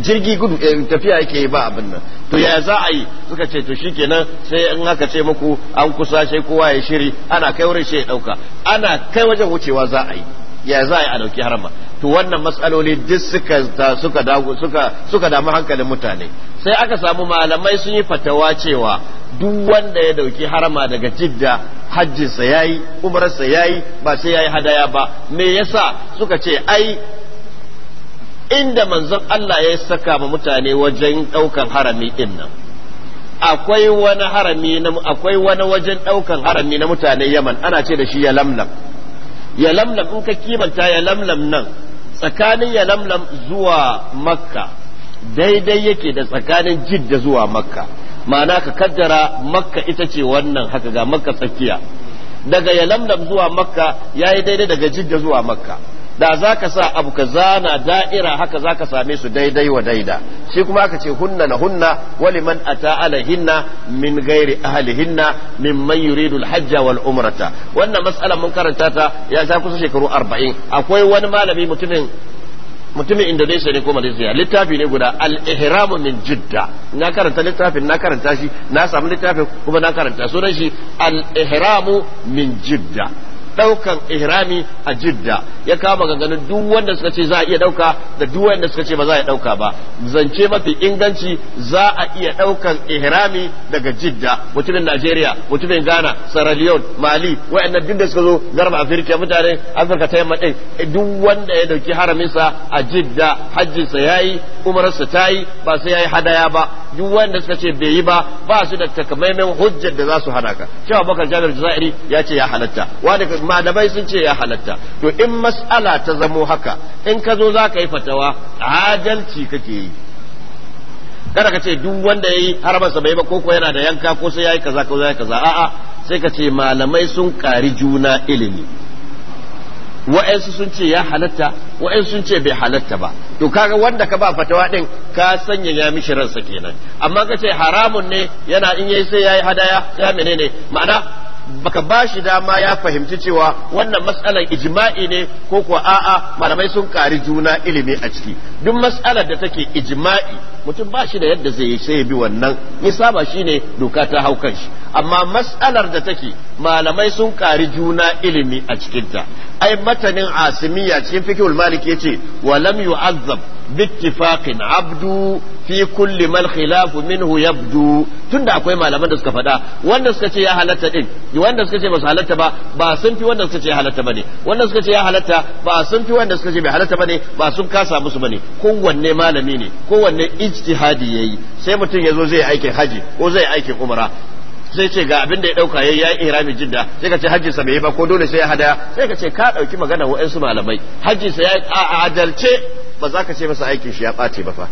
Speaker 2: jirgi gudu eh, tafiya yake ba abin nan to ya za a yi suka ce to shikenan sai in aka ce muku an kusa sai kowa ya shiri ana kai wurin shi ya dauka ana kai wajen wucewa za a yi ya za a yi a dauki harama to wannan matsaloli duk suka suka dagu suka suka damu hankalin mutane sai aka samu malamai sun yi fatawa cewa duk wanda ya dauki harama daga jidda hajjinsa yayi umrarsa yayi ba sai yayi hadaya ba me yasa suka ce ai inda manzon Allah ya saka ma mutane wajen ɗaukan harami ɗin nan akwai wani harami na akwai wani wajen ɗaukan harami na mutane Yaman ana ce da shi ya lamlam ya lamlam in ka kimanta ya lamlam nan tsakanin ya lamlam zuwa makka daidai yake da tsakanin jidda zuwa makka ma'ana ka kaddara makka ita ce wannan haka ga makka tsakiya daga ya lamlam zuwa makka yayi daidai daga jidda zuwa makka da za ka sa abu ka zana da'ira haka za ka same su daidai wa daida shi kuma aka ce hunna na hunna wali man ata alaihinna min gairi ahlihinna min man yuridul hajja wal umrata wannan matsalar mun karanta ta ya sha kusa shekaru 40 akwai wani malami mutumin mutumin Indonesia ne ko Malaysia littafi ne guda al-ihram min Jidda na karanta littafin na karanta shi na samu littafin kuma na karanta sunan shi al-ihram min Jidda daukan ihrami a jidda ya kama ganganin duk wanda suka ce za a iya dauka da duk wanda suka ce ba za a dauka ba zance mafi inganci za a iya daukan ihrami daga jidda mutumin Najeriya mutumin Ghana Sierra Leone Mali wayannan duk da suka zo garba Afirka mutane Afirka ta yamma din duk wanda ya dauki haramin sa a jidda hajjinsa yayi ta tayi ba sai yayi hadaya ba duk wanda suka ce bai yi ba ba su da takamaiman hujjar da za su hana ka cewa Bakar jami'ar Jazairi ya ce ya halatta wanda malamai sun ce ya halatta to in mas'ala ta zamo haka in ka zo za ka yi fatawa adalci kake yi kada ka ce duk wanda ya yi haramarsa bai ba ko ko yana da yanka ko sai ya yi kaza ko ya yi kaza a'a sai ka ce malamai sun ƙari juna ilimi wa'ansu sun ce ya halatta wa'ansu sun ce bai halatta ba to kaga wanda ka ba fatawa din ka sanya ya mishi ransa kenan amma ka ce haramun ne yana in yayi sai yayi hadaya ya menene ma'ana baka ba shi dama ya fahimci cewa wannan matsalar ijma'i ne ko kuwa a'a malamai sun kari juna ilimi a ciki duk matsalar da take ijma'i mutum ba shi da yadda zai sai bi wannan ya saba shi ne doka ta hau kanshi amma mas'alar da take malamai sun kari juna ilimi a cikinta ai matanin asimiya cikin fikihul malik yace wa lam yu'azzab bittifaqin abdu fi kulli mal khilafu minhu yabdu tunda akwai malaman da suka faɗa wanda suka ce ya halatta din wanda suka ce ba su halatta ba ba sun fi wanda suka ce ya halatta bane wanda suka ce ya halatta ba sun fi wanda suka ce bai halatta bane ba sun kasa musu bane kowanne malami ne kowanne ijtihadi yayi sai mutum ya zo zai aikin haji ko zai aikin umra sai ce ga abin da ya dauka yayi ya ihrami jidda sai ka ce hajjin sa bai ba ko dole sai ya hada sai ka ce ka dauki magana wa'ansu malamai hajjin sa ya adalce ba za ka ce masa aikin shi ya ɓace ba fa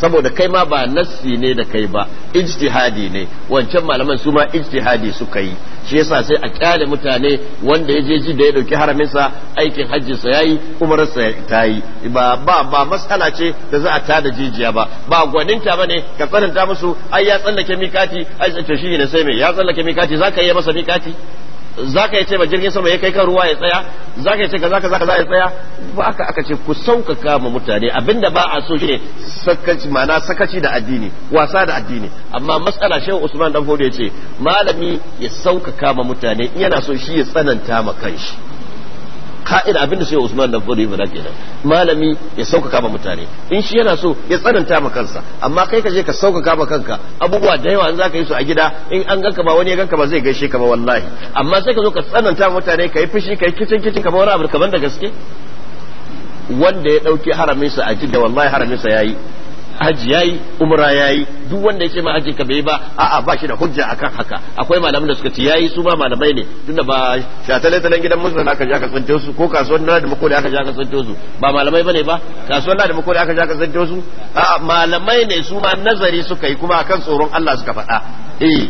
Speaker 2: saboda kai ma ba nassi ne da kai ba ijtihadi ne wancan malaman su ma ijtihadi suka yi shi yasa sai a kyale mutane wanda ya je ji da ya dauki haraminsa aikin hajji sa yayi umarsa ta yi ba ba ba masala ce da za a tada jijiya ba ba gwaninta bane ka tsananta musu ai ya tsallake mikati ai shi ne sai me ya tsallake mikati zaka yi masa mikati za ka yi ce ba jirgin sama ya kai kan ruwa ya tsaya za ka yi ce za ka kaza ya tsaya ba aka aka ce ku sauƙaƙa ma mutane abinda ba a so shine sakaci ma'ana sakaci da addini wasa da addini amma matsala shehu usman dan fodo ya ce malami ya sauƙaƙa ma mutane yana so shi ya tsananta ma kanshi ka'ida abinda sai Usman dan Fodo ibada kenan malami ya sauƙaƙa ba mutane in shi yana so ya tsananta ma kansa amma kai ka je ka sauƙaƙa ma kanka abubuwa da yawa in zaka yi su a gida in an ganka ba wani ya ganka ba zai gaishe ka ba wallahi amma sai ka zo ka tsananta ma mutane kai fushi kai kicin kicin ba wani abu kaman da gaske wanda ya ɗauki haraminsa a jidda wallahi haraminsa ya yi haji yayi umra yayi duk wanda yake ma hajin ka bai ba a'a ba shi da hujja akan haka akwai malaman da suka ce yayi su ma malamai ne tunda ba shatale talen gidan musu aka je aka tsinto su ko kasuwar na da makoli aka ja aka tsinto su ba malamai bane ba kasuwar na da makoli aka ja aka tsinto su a'a malamai ne su ma nazari suka yi kuma akan tsoron Allah suka faɗa eh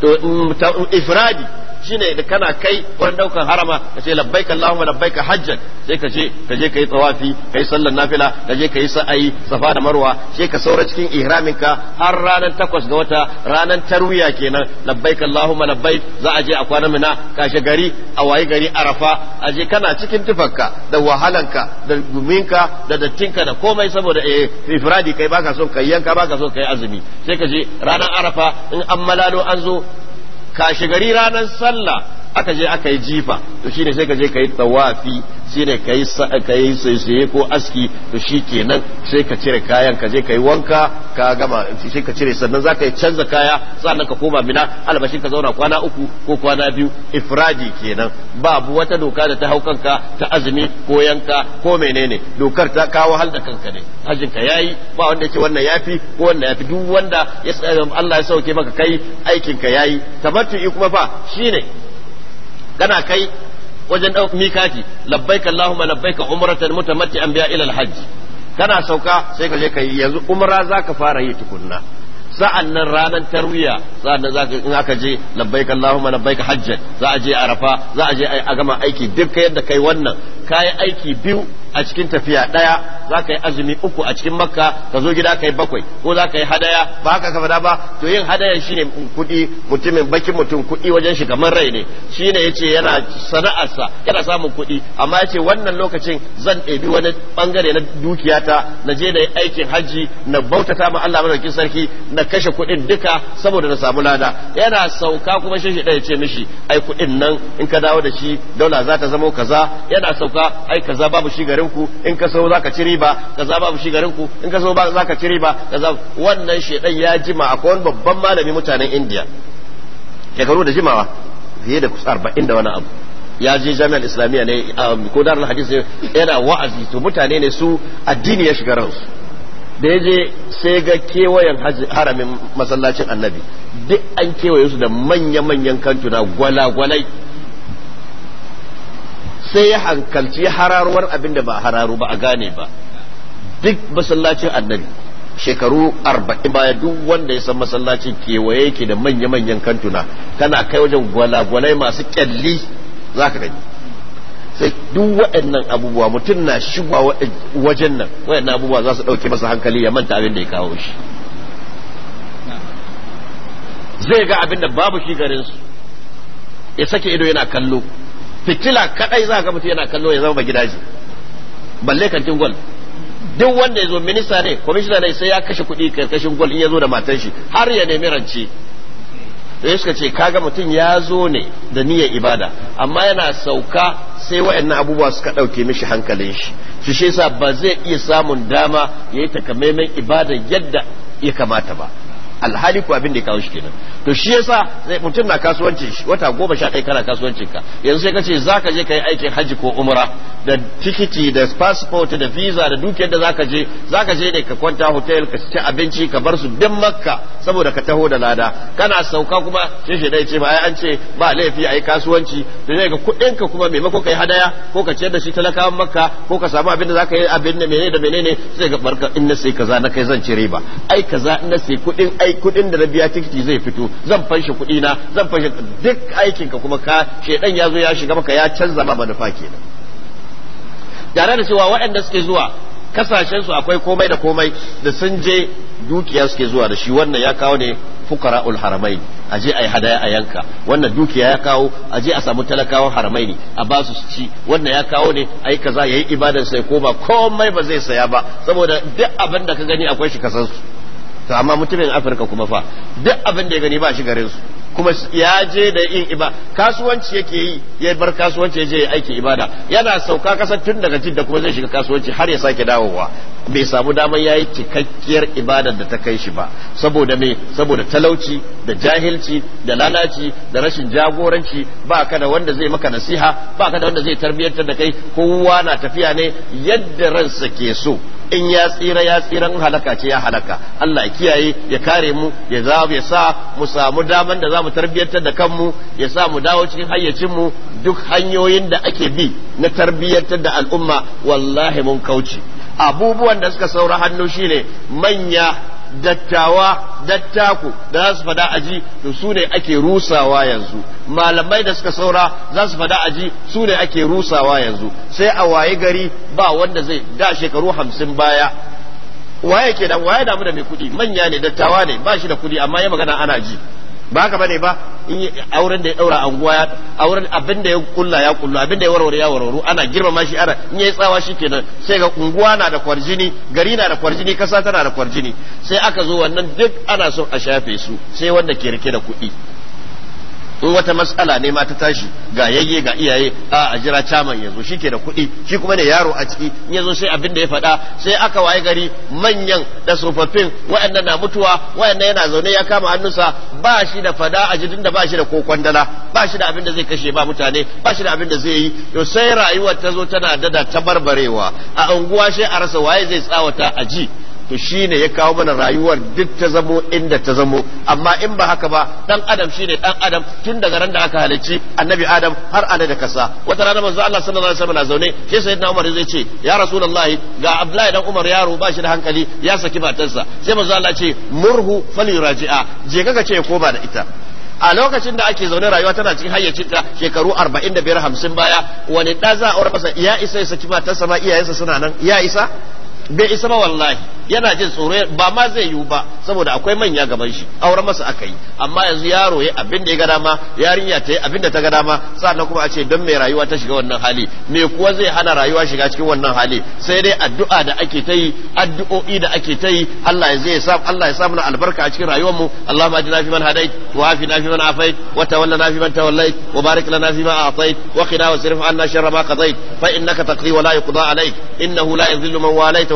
Speaker 2: to mm, mm, ifradi shine da kana kai wurin daukan harama ka ce labbaika Allahumma labbaika hajjan sai ka je ka je kai tawafi kai sallar nafila ka je kai sa'ayi safa da marwa sai ka saura cikin ihramin ka har ranar takwas ga wata ranar tarwiya kenan labbaika Allahumma labbaik za a je a kwana mina kashe gari a wayi gari arafa a je kana cikin tufarka da wahalanka da guminka da dattinka da komai saboda eh ifradi kai baka son kai yanka baka son kai azumi sai ka je ranar arafa in an malalo an zo gari ranar sallah aka je aka yi jifa to shine sai ka je ka yi tawafi shine ka yi ka yi saisaye ko aski to shi kenan sai ka cire kayan ka je ka yi wanka ka gama sai ka cire sannan za ka yi canza kaya sannan ka koma mina albashin ka zauna kwana uku ko kwana biyu ifradi kenan babu wata doka da ta hau kanka ta azumi ko yanka ko menene dokar ta kawo hal da kanka ne hajin ka yayi ba wanda yake wannan yafi ko wannan yafi duk wanda ya Allah ya sauke maka kai aikin ka yayi tabattu kuma fa shine kana kai wajen mikati labbaika Allahumma labbaika umratan mutamatti'an biha ila al-hajj kana sauka sai ka je ka yi yanzu umra zaka fara yi tukunna sa'an nan ranar tarwiya sa'an nan zaka in aka je labbaika Allahumma labbaika hajjan za a je arafa za a je a gama aiki duk yadda kai wannan kayi aiki biyu a cikin tafiya ɗaya za ka yi azumi uku a cikin makka ka zo gida ka yi bakwai ko za ka yi hadaya ba haka ka faɗa ba to yin hadayan shine kuɗi mutumin bakin mutum kuɗi wajen shi kamar rai ne shine ce yana sana'arsa yana samun kuɗi amma yace wannan lokacin zan ɗebi wani bangare na dukiyata na je da aikin hajji na bautata ma Allah madaukakin sarki na kashe kuɗin duka saboda na samu lada yana sauka kuma shi ɗaya ce mishi ai kuɗin nan in ka dawo da shi daula za ta zama kaza yana sauka ai kaza babu shi garin garinku ku in ka so zaka ci riba kaza babu shi garinku in ka so zaka ci riba kaza wannan shedan ya jima akwai wani babban malami mutanen indiya shekaru da jimawa fiye da kusa 40 da wani abu ya je jami'an islamiyya ne um, ko darul hadis yana wa'azi to mutane ne su addini ya shiga ransu da ya je sai ga kewayen haramin masallacin annabi duk an kewaye su da manya-manyan kantuna gwala gwalai. sai ya hankalci hararuwar abin da ba hararu ba a gane ba duk masallacin annabi shekaru arba'in baya duk wanda ya san masallacin kewaye yake da manya-manyan kantuna kana kai wajen gwalagwalai masu kyalli za ka gani sai duk waɗannan abubuwa mutum na shigowa wajen nan waɗannan abubuwa za su ɗauke masa hankali ya manta abin da ya kawo shi zai ga abin da babu shi garinsu ya sake ido yana kallo fitila kadai za ga mutum yana kallo ya zama ba gidaje balle kantin gwal duk wanda ya zo minista ne kwamishina ne sai ya kashe kuɗi karkashin gwal in ya zo da matan shi har ya nemi rance Da suka ce kaga mutum ya zo ne da niyyar ibada amma yana sauka sai wayannan abubuwa suka ɗauke mishi hankalin shi shi shi yasa ba zai iya samun dama ya yi takamaiman ibada yadda ya kamata ba alhali ko abin da ya kawo shi kenan to shi yasa mutum na kasuwancin shi wata goma sha ɗaya kana kasuwancin ka yanzu sai kace zaka je kai aikin hajji ko umra da tikiti da passport da visa da dukiyar da zaka je zaka je ne ka kwanta hotel ka ci abinci ka bar su duk makka saboda ka taho da lada kana sauka kuma shi shi dai ce ba ai an ce ba laifi ai kasuwanci da zai ga kuɗin ka kuma maimako kai hadaya ko ka ciyar da shi talakawan makka ko ka samu abin da zaka yi abin da menene da menene sai ga barka in na sai kaza na kai zan ci riba ai kaza in na sai kuɗin ai kudin da na biya tikiti zai fito zan fanshi kudi na zan fanshi duk aikin ka kuma ka shedan ya zo ya shiga maka ya canza ma manufa kenan tare da cewa waɗanda suke zuwa kasashen su akwai komai da komai da sun je dukiya suke zuwa da shi wannan ya kawo ne fukara ul haramain a je a yi hadaya a yanka wannan dukiya ya kawo a je a samu talakawan haramaini a ba su ci wannan ya kawo ne a kaza ya yi ibadar sai ko ba komai ba zai saya ba saboda duk abin da ka gani akwai shi kasansu to amma mutumin afirka kuma fa duk abin da ya gani ba shi garin su kuma ya je da yin iba kasuwanci yake yi ya bar kasuwanci ya je aiki ibada yana sauka kasar tun daga jidda kuma zai shiga kasuwanci har ya sake dawowa bai samu damar yayi cikakkiyar ibadar da ta kai shi ba saboda me saboda talauci da jahilci da lalaci da rashin jagoranci ba ka da wanda zai maka nasiha ba ka da wanda zai tarbiyyantar da kai kowa na tafiya ne yadda ransa ke so in ya tsira ya tsira in halaka ce ya halaka Allah ya kiyaye ya kare mu ya za ya sa mu samu daman da za mu tarbiyyantar da kanmu ya sa mu dawo cikin hayyacin mu duk hanyoyin da ake bi na tarbiyyantar da al'umma wallahi mun kauce abubuwan da suka saura hannu shine manya dattawa dattaku da za su fada aji to su ne ake rusawa yanzu malamai da suka saura za su fada aji su ne ake rusawa yanzu sai a waye gari ba wanda zai da shekaru hamsin baya waye ke da waye damu da mai kuɗi manya ne dattawa ne ba shi da kuɗi amma ya magana ana ji ba haka bane ba in auren da ya daura anguwa ya auren abin da ya kulla ya kullu abin da ya warware ya warwaru ana girmama shi ana in yayi tsawa shikenan sai ga unguwa na da kwarjini gari na da kwarjini kasa tana da kwarjini sai aka zo wannan duk ana son a shafe su sai wanda ke rike da kuɗi in wata matsala ne ma ta tashi ga yayye ga iyaye a a jira caman yanzu shi ke da kuɗi shi kuma da yaro a ciki in yazo sai abin da ya faɗa sai aka waye gari manyan da tsofaffin wayannan na mutuwa waɗannan yana zaune ya kama hannunsa ba shi da fada a jidin da ba shi da ko kwandala ba shi da abin da zai kashe ba mutane ba shi da abin da zai yi to sai rayuwar ta zo tana dada tabarbarewa a unguwa sai a rasa waye zai tsawata a ji to shine ya kawo mana rayuwar duk ta zamo inda ta zamo amma in ba haka ba dan adam shine dan adam tun daga ran da aka halicci annabi adam har ana da kasa wata rana manzo Allah sallallahu alaihi wasallam na zaune sai sayyidina Umar zai ce ya rasulullahi ga Abdullahi dan Umar yaro ba shi da hankali ya saki matarsa sai manzo Allah ce murhu falyuraji'a je kaga ce ba da ita a lokacin da ake zaune rayuwa tana cikin hayyacinta shekaru arba'in da biyar hamsin baya wani da za a aure masa ya isa ya saki matarsa ma iyayensa suna nan ya isa bai isa ba wallahi yana jin tsoro ba ma zai yiwu ba saboda akwai manya gaban shi auren masa aka yi amma yanzu yaro ya abin da ya ga dama yarinya ta yi abin da ta ga dama sannan kuma a ce don mai rayuwa ta shiga wannan hali me kuwa zai hana rayuwa shiga cikin wannan hali sai dai addu'a da ake ta yi addu'o'i da ake ta yi Allah ya zai sa Allah ya sa mana albarka a cikin rayuwar mu Allahumma ajina fi man hadait wa afi na fi man afait wa tawallana fi man tawallait wa barik lana fi ma atait wa qina wasrif anna sharra ma qadait fa innaka taqdi wa la yuqda alayk innahu la yadhillu man walayta